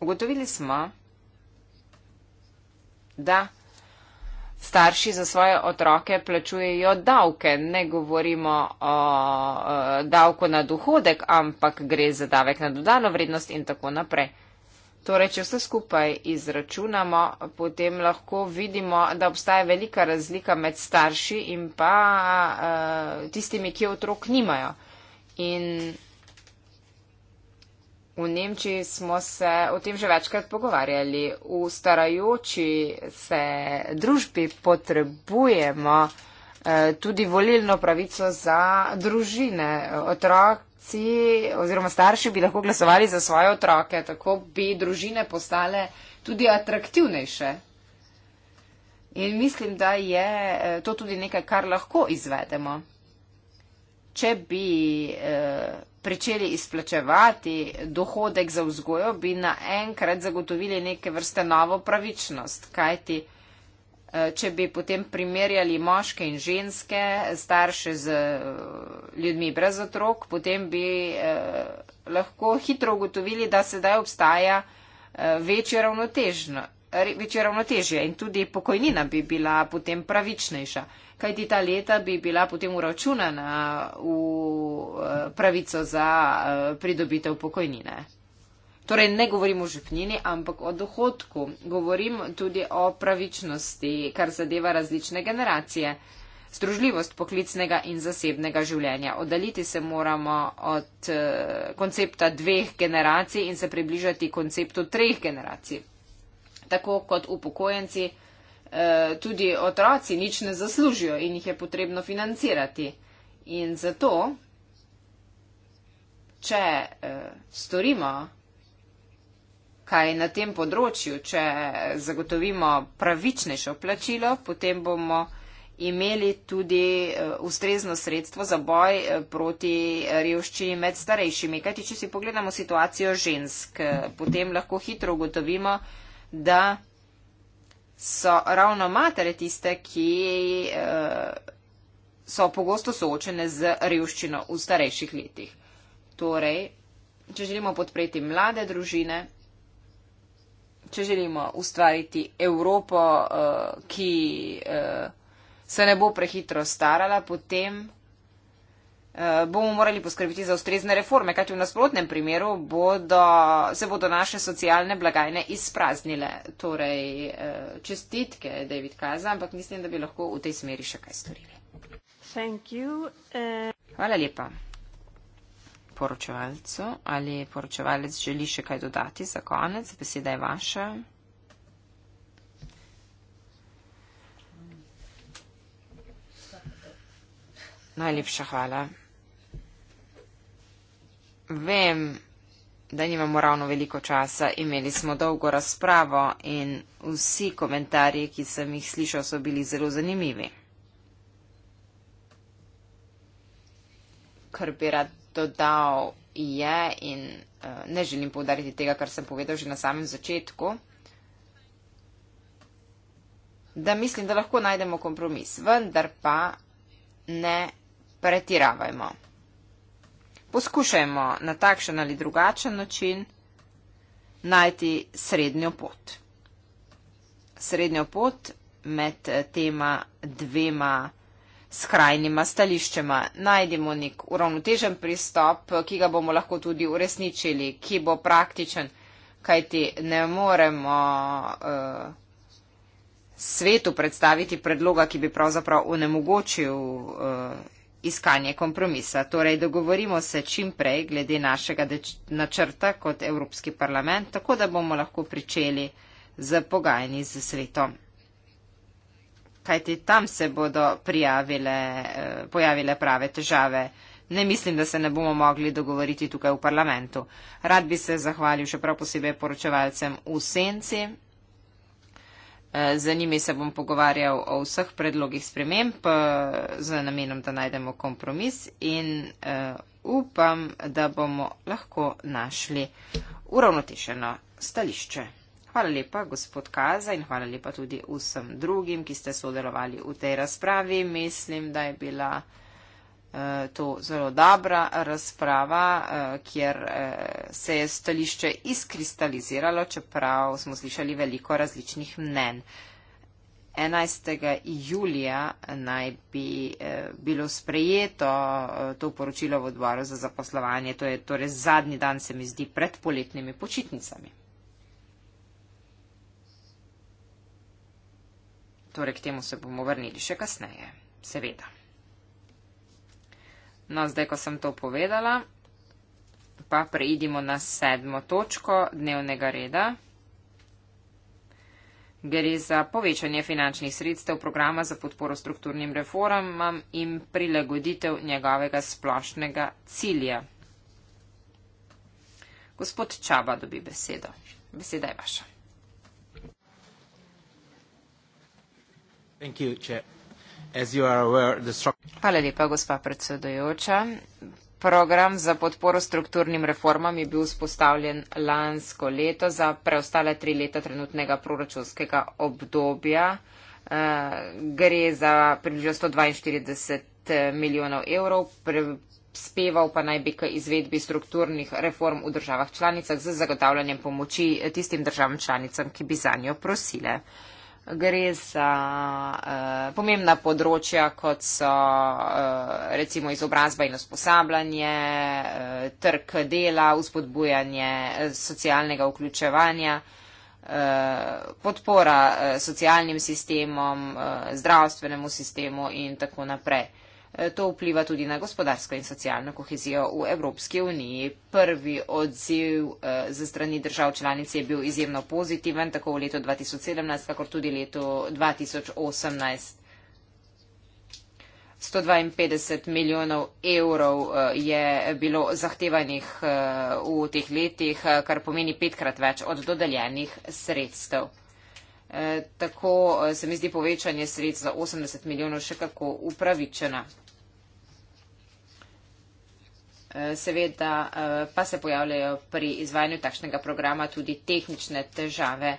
C: Ugotovili smo, da starši za svoje otroke plačujejo davke. Ne govorimo o davku na dohodek, ampak gre za davek na dodano vrednost in tako naprej. Torej, če vse skupaj izračunamo, potem lahko vidimo, da obstaja velika razlika med starši in pa uh, tistimi, ki otrok nimajo. In V Nemčiji smo se o tem že večkrat pogovarjali. V starajoči se družbi potrebujemo eh, tudi volilno pravico za družine. Otroci oziroma starši bi lahko glasovali za svoje otroke, tako bi družine postale tudi atraktivnejše. In mislim, da je eh, to tudi nekaj, kar lahko izvedemo. Če bi eh, pričeli izplačevati dohodek za vzgojo, bi naenkrat zagotovili neke vrste novo pravičnost. Kajti, eh, če bi potem primerjali moške in ženske, starše z eh, ljudmi brez otrok, potem bi eh, lahko hitro ugotovili, da sedaj obstaja večje ravnotežje. Večje ravnotežje in tudi pokojnina bi bila potem pravičnejša kajti ta leta bi bila potem uračunana v eh, pravico za eh, pridobitev pokojnine. Torej ne govorim o žepnini, ampak o dohodku. Govorim tudi o pravičnosti, kar zadeva različne generacije. Združljivost poklicnega in zasebnega življenja. Odaliti se moramo od eh, koncepta dveh generacij in se približati konceptu treh generacij. Tako kot upokojenci. Eh, tudi otroci nič ne zaslužijo in jih je potrebno financirati. In zato, če eh, storimo kaj na tem področju, če zagotovimo pravičnejšo plačilo, potem bomo imeli tudi eh, ustrezno sredstvo za boj proti revščini med starejšimi. Kajti, če si pogledamo situacijo žensk, potem lahko hitro ugotovimo, da so ravno matere tiste, ki eh, so pogosto soočene z revščino v starejših letih. Torej, če želimo podpreti mlade družine, če želimo ustvariti Evropo, eh, ki eh, se ne bo prehitro starala, potem Eh, bomo morali poskrbeti za ustrezne reforme, kajti v nasprotnem primeru bodo, se bodo naše socialne blagajne izpraznile. Torej, eh, čestitke, David Kaza, ampak mislim, da bi lahko v tej smeri še kaj storili. Eh, hvala lepa. Poročevalcu ali poročevalec želi še kaj dodati za konec, beseda je vaša. Najlepša hvala vem, da nimamo ravno veliko časa. Imeli smo dolgo razpravo in vsi komentarji, ki sem jih slišal, so bili zelo zanimivi. Kar bi rad dodal je in eh, ne želim povdariti tega, kar sem povedal že na samem začetku, da mislim, da lahko najdemo kompromis, vendar pa ne pretiravajmo poskušajmo na takšen ali drugačen način najti srednjo pot. Srednjo pot med eh, tema dvema skrajnima stališčema. Najdemo nek uravnotežen pristop, eh, ki ga bomo lahko tudi uresničili, ki bo praktičen, kajti ne moremo uh, svetu predstaviti predloga, ki bi pravzaprav onemogočil uh, iskanje kompromisa. Torej, dogovorimo se čim prej glede našega načrta kot Evropski parlament, tako da bomo lahko pričeli z pogajanji z svetom. Kajti tam se bodo prijavile, eh, pojavile prave težave. Ne mislim, da se ne bomo mogli dogovoriti tukaj v parlamentu. Rad bi se zahvalil še prav posebej poročevalcem v senci. Eh, Za njimi se bom pogovarjal o vseh predlogih sprememb, eh, z namenom, da najdemo kompromis in eh, upam, da bomo lahko našli uravnotešeno stališče. Hvala lepa, gospod Kaza, in hvala lepa tudi vsem drugim, ki ste sodelovali v tej razpravi. Mislim, da je bila. Eh, to zelo dobra razprava, eh, kjer eh, se je stališče izkristaliziralo, čeprav smo slišali veliko različnih mnen. 11. julija naj bi bilo sprejeto to poročilo v odboru za zaposlovanje, to je torej zadnji dan, se mi zdi, pred poletnimi počitnicami. Torej k temu se bomo vrnili še kasneje, seveda. No, zdaj, ko sem to povedala, pa preidimo na sedmo točko dnevnega reda. Gre za povečanje finančnih sredstev programa za podporo strukturnim reformam in prilagoditev njegovega splošnega cilja. Gospod Čaba dobi besedo. Beseda je vaša.
A: Thank you, Chair.
C: Hvala lepa, gospa predsedojoča. Program za podporo strukturnim reformam je bil spostavljen lansko leto za preostale tri leta trenutnega proračunskega obdobja. Eh, gre za približno 142 milijonov evrov, speval pa naj bi k izvedbi strukturnih reform v državah članicah z zagotavljanjem pomoči tistim državam članicam, ki bi za njo prosile gre za uh, pomembna področja, kot so uh, recimo izobrazba in usposabljanje, uh, trg dela, uspodbujanje uh, socialnega vključevanja, uh, podpora uh, socialnim sistemom, uh, zdravstvenemu sistemu in tako naprej. Eh, to vpliva tudi na gospodarsko in socialno kohezijo v Evropski uniji. Prvi odziv eh, za strani držav članic je bil izjemno pozitiven, tako v letu 2017, kakor tudi letu 2018. 152 milijonov evrov eh, je bilo zahtevanih v teh letih, kar pomeni petkrat več od dodeljenih sredstev. E, tako e, se mi zdi povečanje sredstva za 80 milijonov še kako upravičena. E, seveda pa se pojavljajo pri izvajanju takšnega programa tudi tehnične težave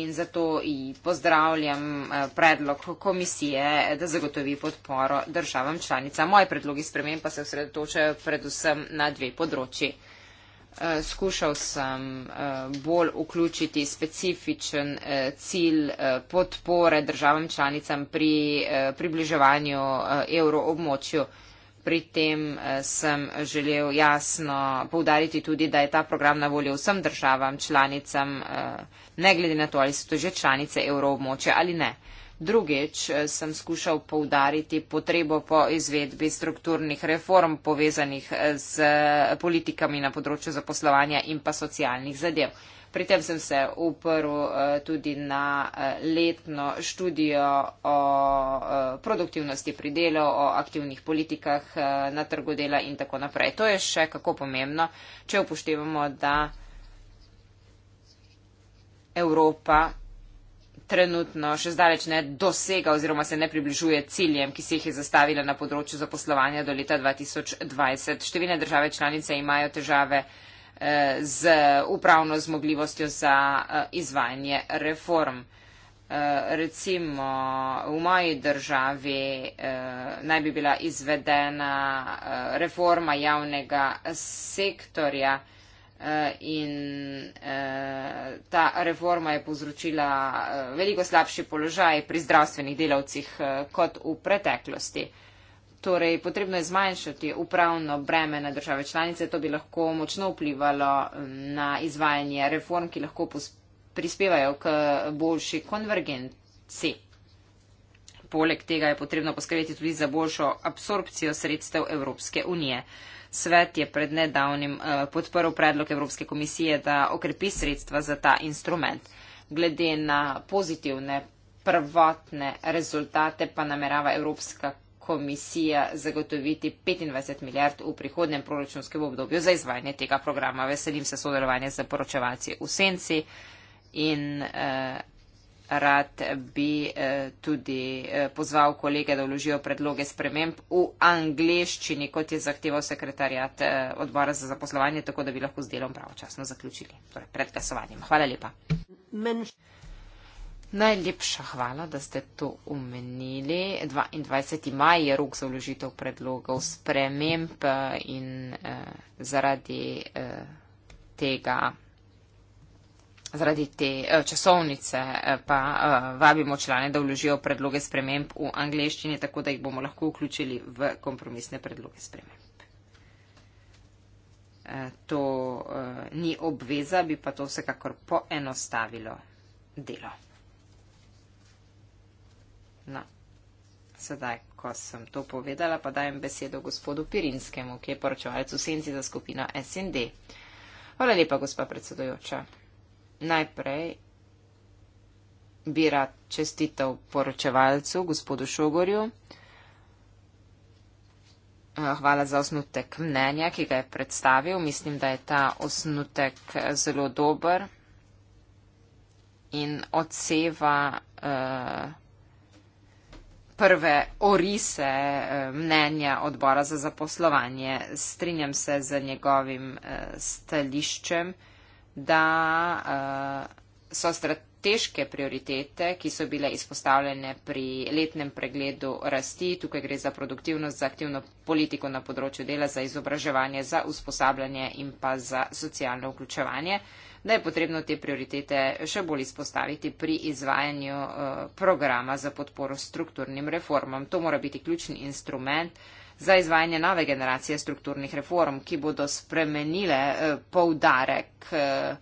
C: in zato pozdravljam predlog komisije, da zagotovi podporo državam članica. Moji predlogi spremem pa se osredotočajo predvsem na dve področji. Eh, skušal sem eh, bolj vključiti specifičen eh, cilj podpore državam članicam pri približevanju evroobmočju. Pri tem sem želel jasno povdariti tudi, da je ta program na voljo vsem državam članicam, ne glede na to, ali so to že članice evroobmočja ali ne. Drugič eh, sem skušal poudariti potrebo po izvedbi strukturnih reform povezanih eh, z politikami na področju zaposlovanja in pa socialnih zadev. Pri tem sem se uprl eh, tudi na letno študijo o produktivnosti pri delu, o aktivnih politikah na trgu dela in tako naprej. To je še kako pomembno, če upoštevamo, da Evropa trenutno še zdaleč ne dosega oziroma se ne približuje ciljem, ki se jih je zastavila na področju zaposlovanja do leta 2020. Številne države članice imajo težave eh, z upravno zmogljivostjo za eh, izvajanje reform. Eh, recimo v moji državi naj bi bila izvedena reforma javnega sektorja, Eh, in eh, ta reforma je povzročila eh, veliko slabši položaj pri zdravstvenih delavcih kot v preteklosti. Torej, potrebno je zmanjšati upravno breme na države članice, to bi lahko močno vplivalo mm, na izvajanje reform, ki lahko prispevajo k boljši konvergenci. Poleg tega je potrebno poskrbeti tudi za boljšo absorpcijo sredstev Evropske unije. Uh, Svet je pred nedavnim eh, podprl predlog Evropske komisije, da okrepi sredstva za ta instrument. Glede na pozitivne prvotne rezultate pa namerava Evropska komisija zagotoviti 25 milijard v prihodnem proračunskem obdobju za izvajanje tega programa. Veselim se sodelovanja z poročevalci v senci in eh, rad bi eh, tudi eh, pozval kolege, da vložijo predloge sprememb v angliščini, kot je zahteval sekretarjat eh, odbora za zaposlovanje, tako da bi lahko z delom pravočasno zaključili. Torej, pred glasovanjem. Hvala lepa. Najlepša hvala, da ste to omenili. 22. maj je rok za vložitev predlogov sprememb in eh, zaradi eh, tega. Zaradi te eh, časovnice eh, pa eh, vabimo člane, da vložijo predloge sprememb v angleščini, tako da jih bomo lahko vključili v kompromisne predloge sprememb. To ni obveza, bi pa to vsekakor poenostavilo delo. No. Sedaj, ko sem to povedala, pa dajem besedo gospodu Pirinskemu, ki je poročevalec v senci za skupino SND. Hvala lepa, gospa predsedojoča. Najprej bi rad čestitev poročevalcu, gospodu Šogorju. Eh, hvala za osnutek mnenja, ki ga je predstavil. Mislim, da je ta osnutek eh, zelo dober in odseva uh, prve orise mnenja odbora za zaposlovanje. Strinjam se z njegovim uh, stališčem da uh, so strateške prioritete, ki so bile izpostavljene pri letnem pregledu rasti, tukaj gre za produktivnost, za aktivno politiko na področju dela, za izobraževanje, za usposabljanje in pa za socialno vključevanje, da je potrebno te prioritete še bolj izpostaviti pri izvajanju uh, programa za podporo strukturnim reformam. To mora biti ključni instrument za izvajanje nove generacije strukturnih reform, ki bodo spremenile eh, poudarek. Eh,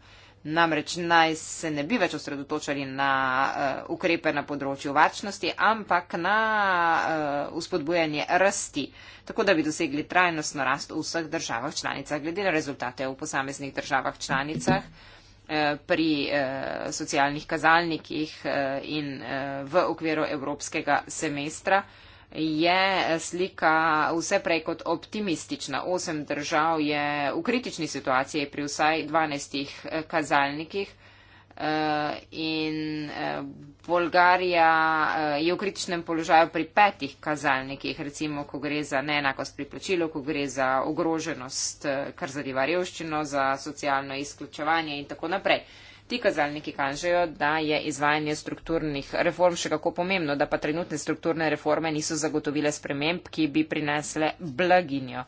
C: namreč naj se ne bi več osredotočali na uh, ukrepe na področju varčnosti, ampak na uh, uspodbujanje rasti, tako da bi dosegli trajnostno rast v vseh državah članicah, glede na rezultate v posameznih državah članicah uh, pri uh, socialnih kazalnikih uh, in uh, v okviru evropskega semestra. Uh, je slika vse prej kot optimistična. Osem držav je v kritični situaciji pri vsaj 12 eh, kazalnikih eh, in eh, Bolgarija je v kritičnem položaju pri petih kazalnikih, recimo, ko gre za neenakost pri plačilu, ko gre za ogroženost, kar zadeva revščino, za socialno izključevanje in tako naprej. Ti kazalniki kažejo, da je izvajanje strukturnih reform še kako pomembno, da pa trenutne strukturne reforme niso zagotovile sprememb, ki bi prinesle blaginjo.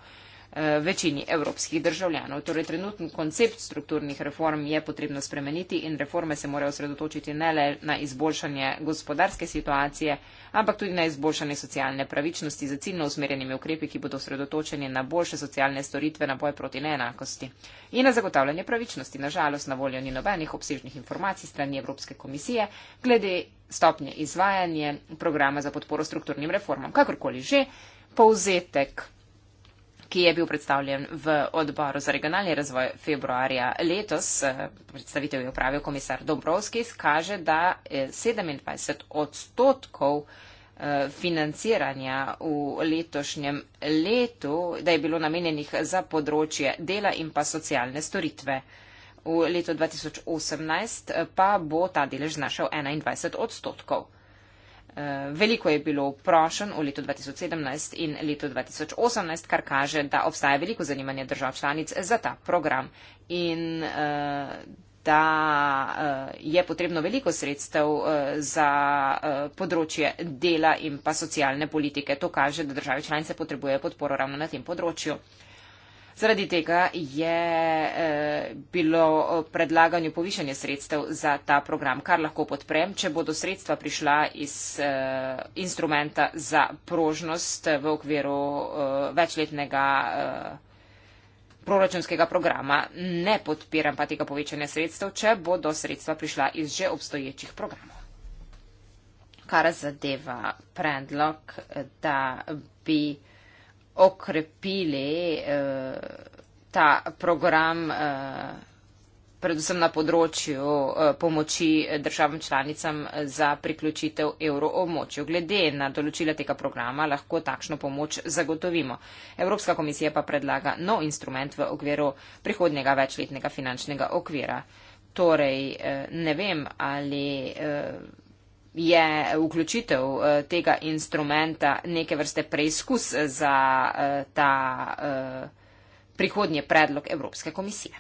C: Eh, večini evropskih državljanov. Torej, trenutni koncept strukturnih reform je potrebno spremeniti in reforme se morajo osredotočiti ne le na izboljšanje gospodarske situacije, ampak tudi na izboljšanje socialne pravičnosti za ciljno usmerjenimi ukrepi, ki bodo osredotočeni na boljše socialne storitve na boj proti neenakosti in na zagotavljanje pravičnosti. Nažalost, na voljo ni nobenih obsežnih informacij strani Evropske komisije glede stopnje izvajanja programa za podporo strukturnim reformam. Kakorkoli že, povzetek ki je bil predstavljen v odboru za regionalni razvoj februarja letos, eh, predstavitev je upravil komisar Dombrovski, kaže, da 27 eh, odstotkov eh, financiranja v letošnjem letu, da je bilo namenjenih za področje dela in pa socialne storitve. V letu 2018 pa bo ta delež znašal 21 odstotkov. Eh, veliko je bilo prošenj v letu 2017 in letu 2018, kar kaže, da obstaja veliko zanimanja držav članic za ta program in eh, da eh, je potrebno veliko sredstev za področje dela in pa socialne politike. To kaže, da države članice potrebujejo podporo ravno na tem področju. Zaradi tega je eh, bilo predlaganju povišanje sredstev za ta program, kar lahko podprem, če bodo sredstva prišla iz eh, instrumenta za prožnost v okviru eh, večletnega proračunskega programa. Ne podpiram pa tega povečanja sredstev, če bodo sredstva prišla iz že obstoječih programov. Kar zadeva predlog, da bi okrepili eh, ta program, eh, predvsem na področju eh, pomoči državam članicam eh, za priključitev evroobmočju. Glede na določila tega programa lahko takšno pomoč zagotovimo. Evropska komisija pa predlaga nov instrument v okviru prihodnjega večletnega finančnega okvira. Torej, eh, ne vem ali. Eh, je vključitev eh, tega instrumenta neke vrste preizkus za eh, ta eh, prihodnje predlog Evropske komisije.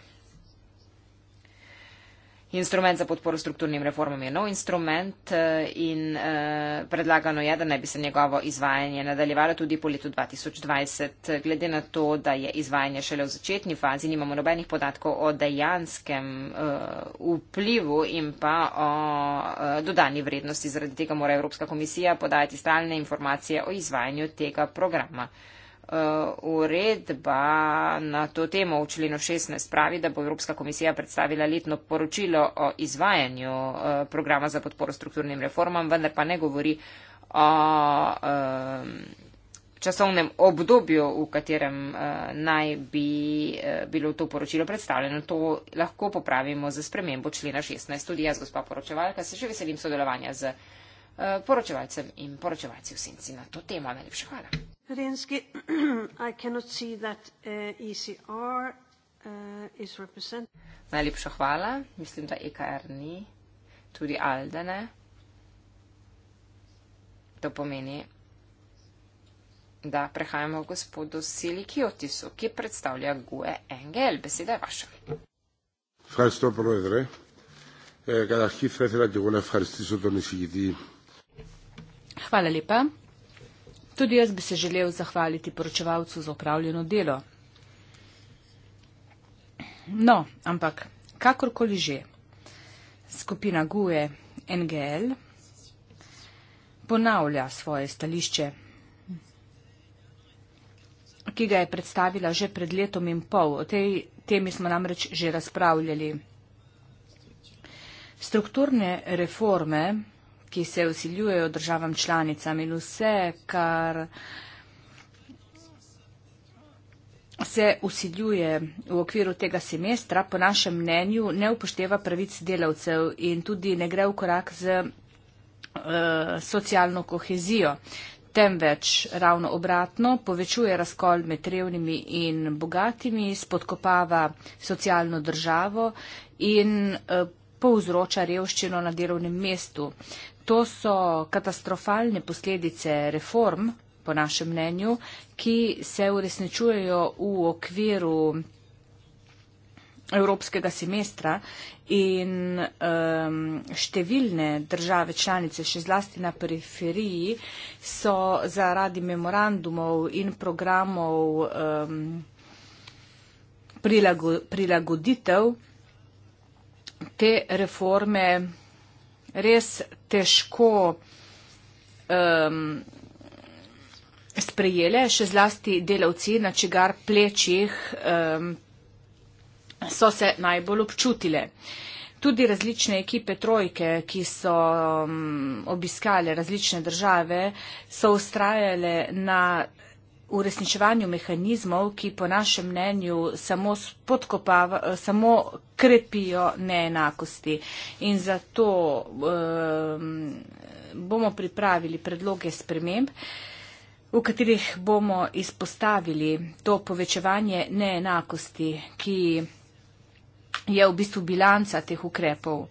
C: Instrument za podporo strukturnim reformam je nov instrument eh, in eh, predlagano je, da naj bi se njegovo izvajanje nadaljevalo tudi po letu 2020. Glede na to, da je izvajanje šele v začetni fazi, nimamo nobenih podatkov o dejanskem eh, vplivu in pa o dodani vrednosti. Zaradi tega mora Evropska komisija podajati stalne informacije o izvajanju tega programa. Eh, uredba na to temo v členu 16 pravi, da bo Evropska komisija predstavila letno poročilo o izvajanju eh, programa za podporo strukturnim reformam, vendar pa ne govori o eh, časovnem obdobju, v katerem naj bi bilo to poročilo predstavljeno. To lahko popravimo za spremembo člena 16. Tudi jaz, gospa poročevalka, se še veselim sodelovanja z poročevalcem in poročevalci v senci na to temo. Najlepša
A: hvala. Rinsky, I cannot see that uh, ECR uh, is represented.
C: Najlepša hvala. Mislim, da EKR ni. Tudi ALDE ne. To pomeni, da prehajamo gospodu Siliki Otisu, ki predstavlja GUE NGL. Beseda je vaša.
A: Hvala, predsednik. Kadar hitro je treba, da bi lahko hvala, da ste se odnesli.
B: Hvala lepa. Tudi jaz bi se želel zahvaliti poročevalcu za opravljeno delo. No, ampak kakorkoli že, skupina GUE NGL ponavlja svoje stališče, ki ga je predstavila že pred letom in pol. O tej temi smo namreč že razpravljali. Strukturne reforme ki se usiljujejo državam članicam in vse, kar se usiljuje v okviru tega semestra, po našem mnenju, ne upošteva pravic delavcev in tudi ne gre v korak z eh, socialno kohezijo, temveč ravno obratno povečuje razkol med revnimi in bogatimi, spodkopava socialno državo in eh, povzroča revščino na delovnem mestu. To so katastrofalne posledice reform, po našem mnenju, ki se uresničujejo v okviru evropskega semestra in um, številne države članice, še zlasti na periferiji, so zaradi memorandumov in programov um, prilago, prilagoditev te reforme res težko um, sprejele, še zlasti delavci, na čigar plečih um, so se najbolj občutile. Tudi različne ekipe trojke, ki so um, obiskale različne države, so ustrajale na uresničevanju mehanizmov, ki po našem mnenju samo, spodkopava, eh, samo krepijo neenakosti. In zato um, bomo pripravili predloge sprememb, v katerih bomo izpostavili to povečevanje neenakosti, ki je v bistvu bilanca teh ukrepov.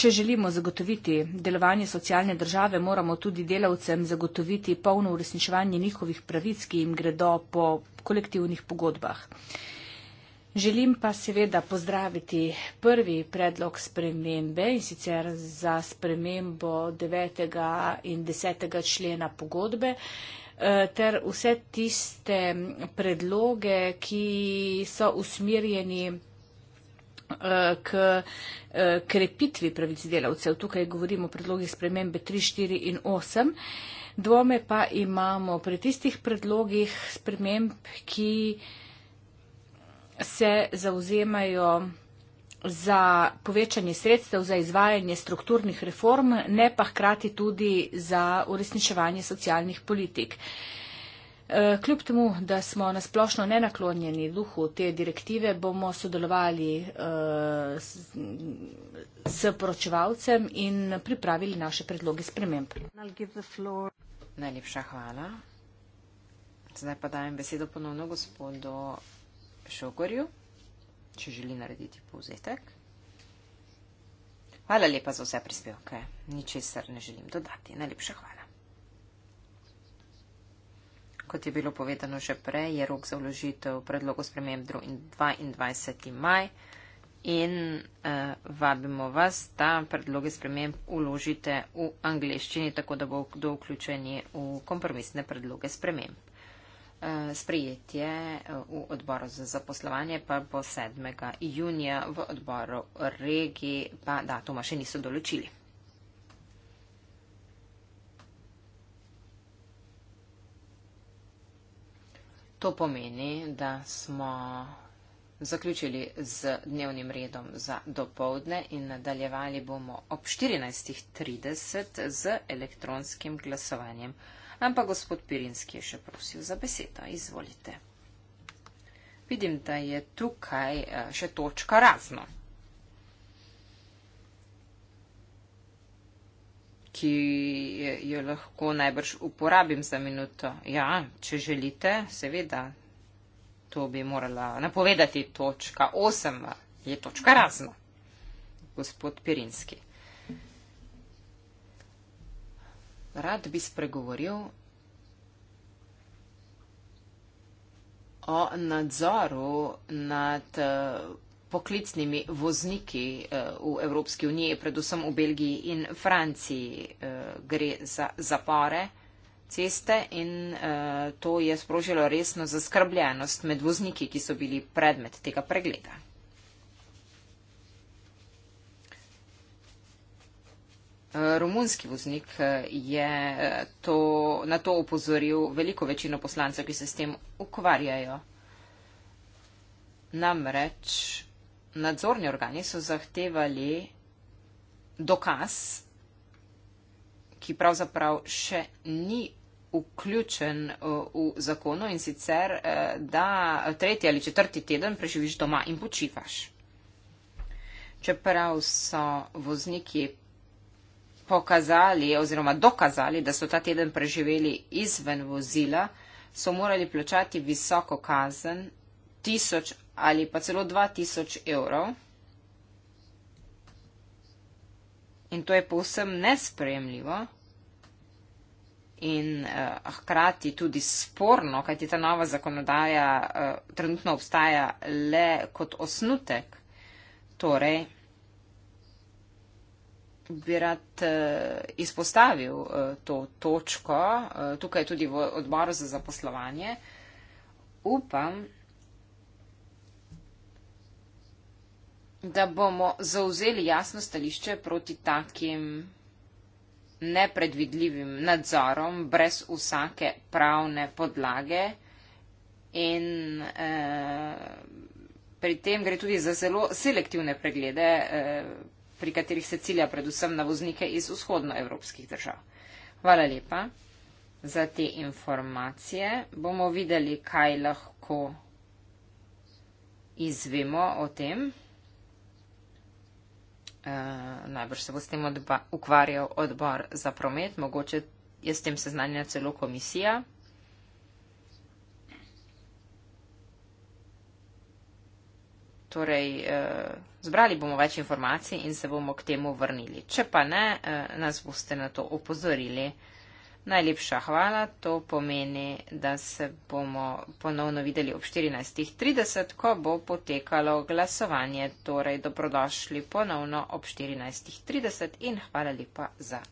B: Če želimo zagotoviti delovanje socialne države, moramo tudi delavcem zagotoviti polno uresničevanje njihovih pravic, ki jim gredo po kolektivnih pogodbah. Želim pa seveda pozdraviti prvi predlog spremembe in sicer za spremembo 9. in 10. člena pogodbe eh, ter vse tiste predloge, ki so usmirjeni Eh, k eh, krepitvi pravic delavcev. Tukaj govorimo o predlogih spremembe 3, 4 in 8. Dvome pa imamo pri tistih predlogih sprememb, ki se zauzemajo za povečanje sredstev za izvajanje strukturnih reform, ne pa hkrati tudi za uresničevanje socialnih politik. Uh, Eh, kljub temu, da smo nasplošno nenaklonjeni duhu te direktive, bomo sodelovali eh, s poročevalcem in pripravili naše predloge sprememb.
C: Najlepša hvala. Zdaj pa dajem besedo ponovno gospodu Šogorju, če želi narediti povzetek. Hvala lepa za vse prispevke. Ničesar ne želim dodati. Najlepša hvala. Kot je bilo povedano že prej, je rok za vložitev predlogo sprememb 22. maj in uh, vabimo vas, da predloge sprememb uložite v angleščini, tako da bo kdo vključeni v kompromisne predloge sprememb. Eh, sprejetje eh, v odboru za zaposlovanje pa bo 7. junija v odboru regiji, pa datuma še niso določili. To pomeni, da smo zaključili z dnevnim redom za dopoldne in nadaljevali bomo ob 14.30 z elektronskim glasovanjem. Ampak gospod Pirinski je še prosil za besedo. Izvolite. Vidim, da je tukaj eh, še točka razno. ki jo lahko najbrž uporabim za minuto. Ja, če želite, seveda, to bi morala napovedati. Točka 8 je točka razno, gospod Pirinski. Rad bi spregovoril o nadzoru nad. Uh, poklicnimi vozniki eh, v Evropski uniji, predvsem v Belgiji in Franciji, eh, gre za zapore ceste in eh, to je sprožilo resno zaskrbljenost med vozniki, ki so bili predmet tega pregleda. Romunski voznik je to, na to upozoril veliko večino poslancev, ki se s tem ukvarjajo. Namreč nadzorni organi so zahtevali dokaz, ki pravzaprav še ni vključen eh, v zakonu in sicer, eh, da tretji ali četrti teden preživiš doma in počivaš. Čeprav so vozniki pokazali oziroma dokazali, da so ta teden preživeli izven vozila, so morali plačati visoko kazen, tisoč ali pa celo 2000 evrov. In to je povsem nespremljivo in eh, hkrati tudi sporno, kajti ta nova zakonodaja eh, trenutno obstaja le kot osnutek. Torej, bi rad eh, izpostavil eh, to točko, eh, tukaj tudi v odboru za zaposlovanje. Upam, da bomo zauzeli jasno stališče proti takim nepredvidljivim nadzorom brez vsake pravne podlage in e, pri tem gre tudi za zelo selektivne preglede, e, pri katerih se cilja predvsem na voznike iz vzhodnoevropskih držav. Hvala lepa za te informacije. Bomo videli, kaj lahko izvemo o tem. Eh, najbrž se bo s tem odba, ukvarjal odbor za promet, mogoče je s tem seznanjena celo komisija. Torej, eh, zbrali bomo več informacij in se bomo k temu vrnili. Če pa ne, eh, nas boste na to opozorili. Najlepša hvala, to pomeni, da se bomo ponovno videli ob 14.30, ko bo potekalo glasovanje, torej dobrodošli ponovno ob 14.30 in hvala lepa za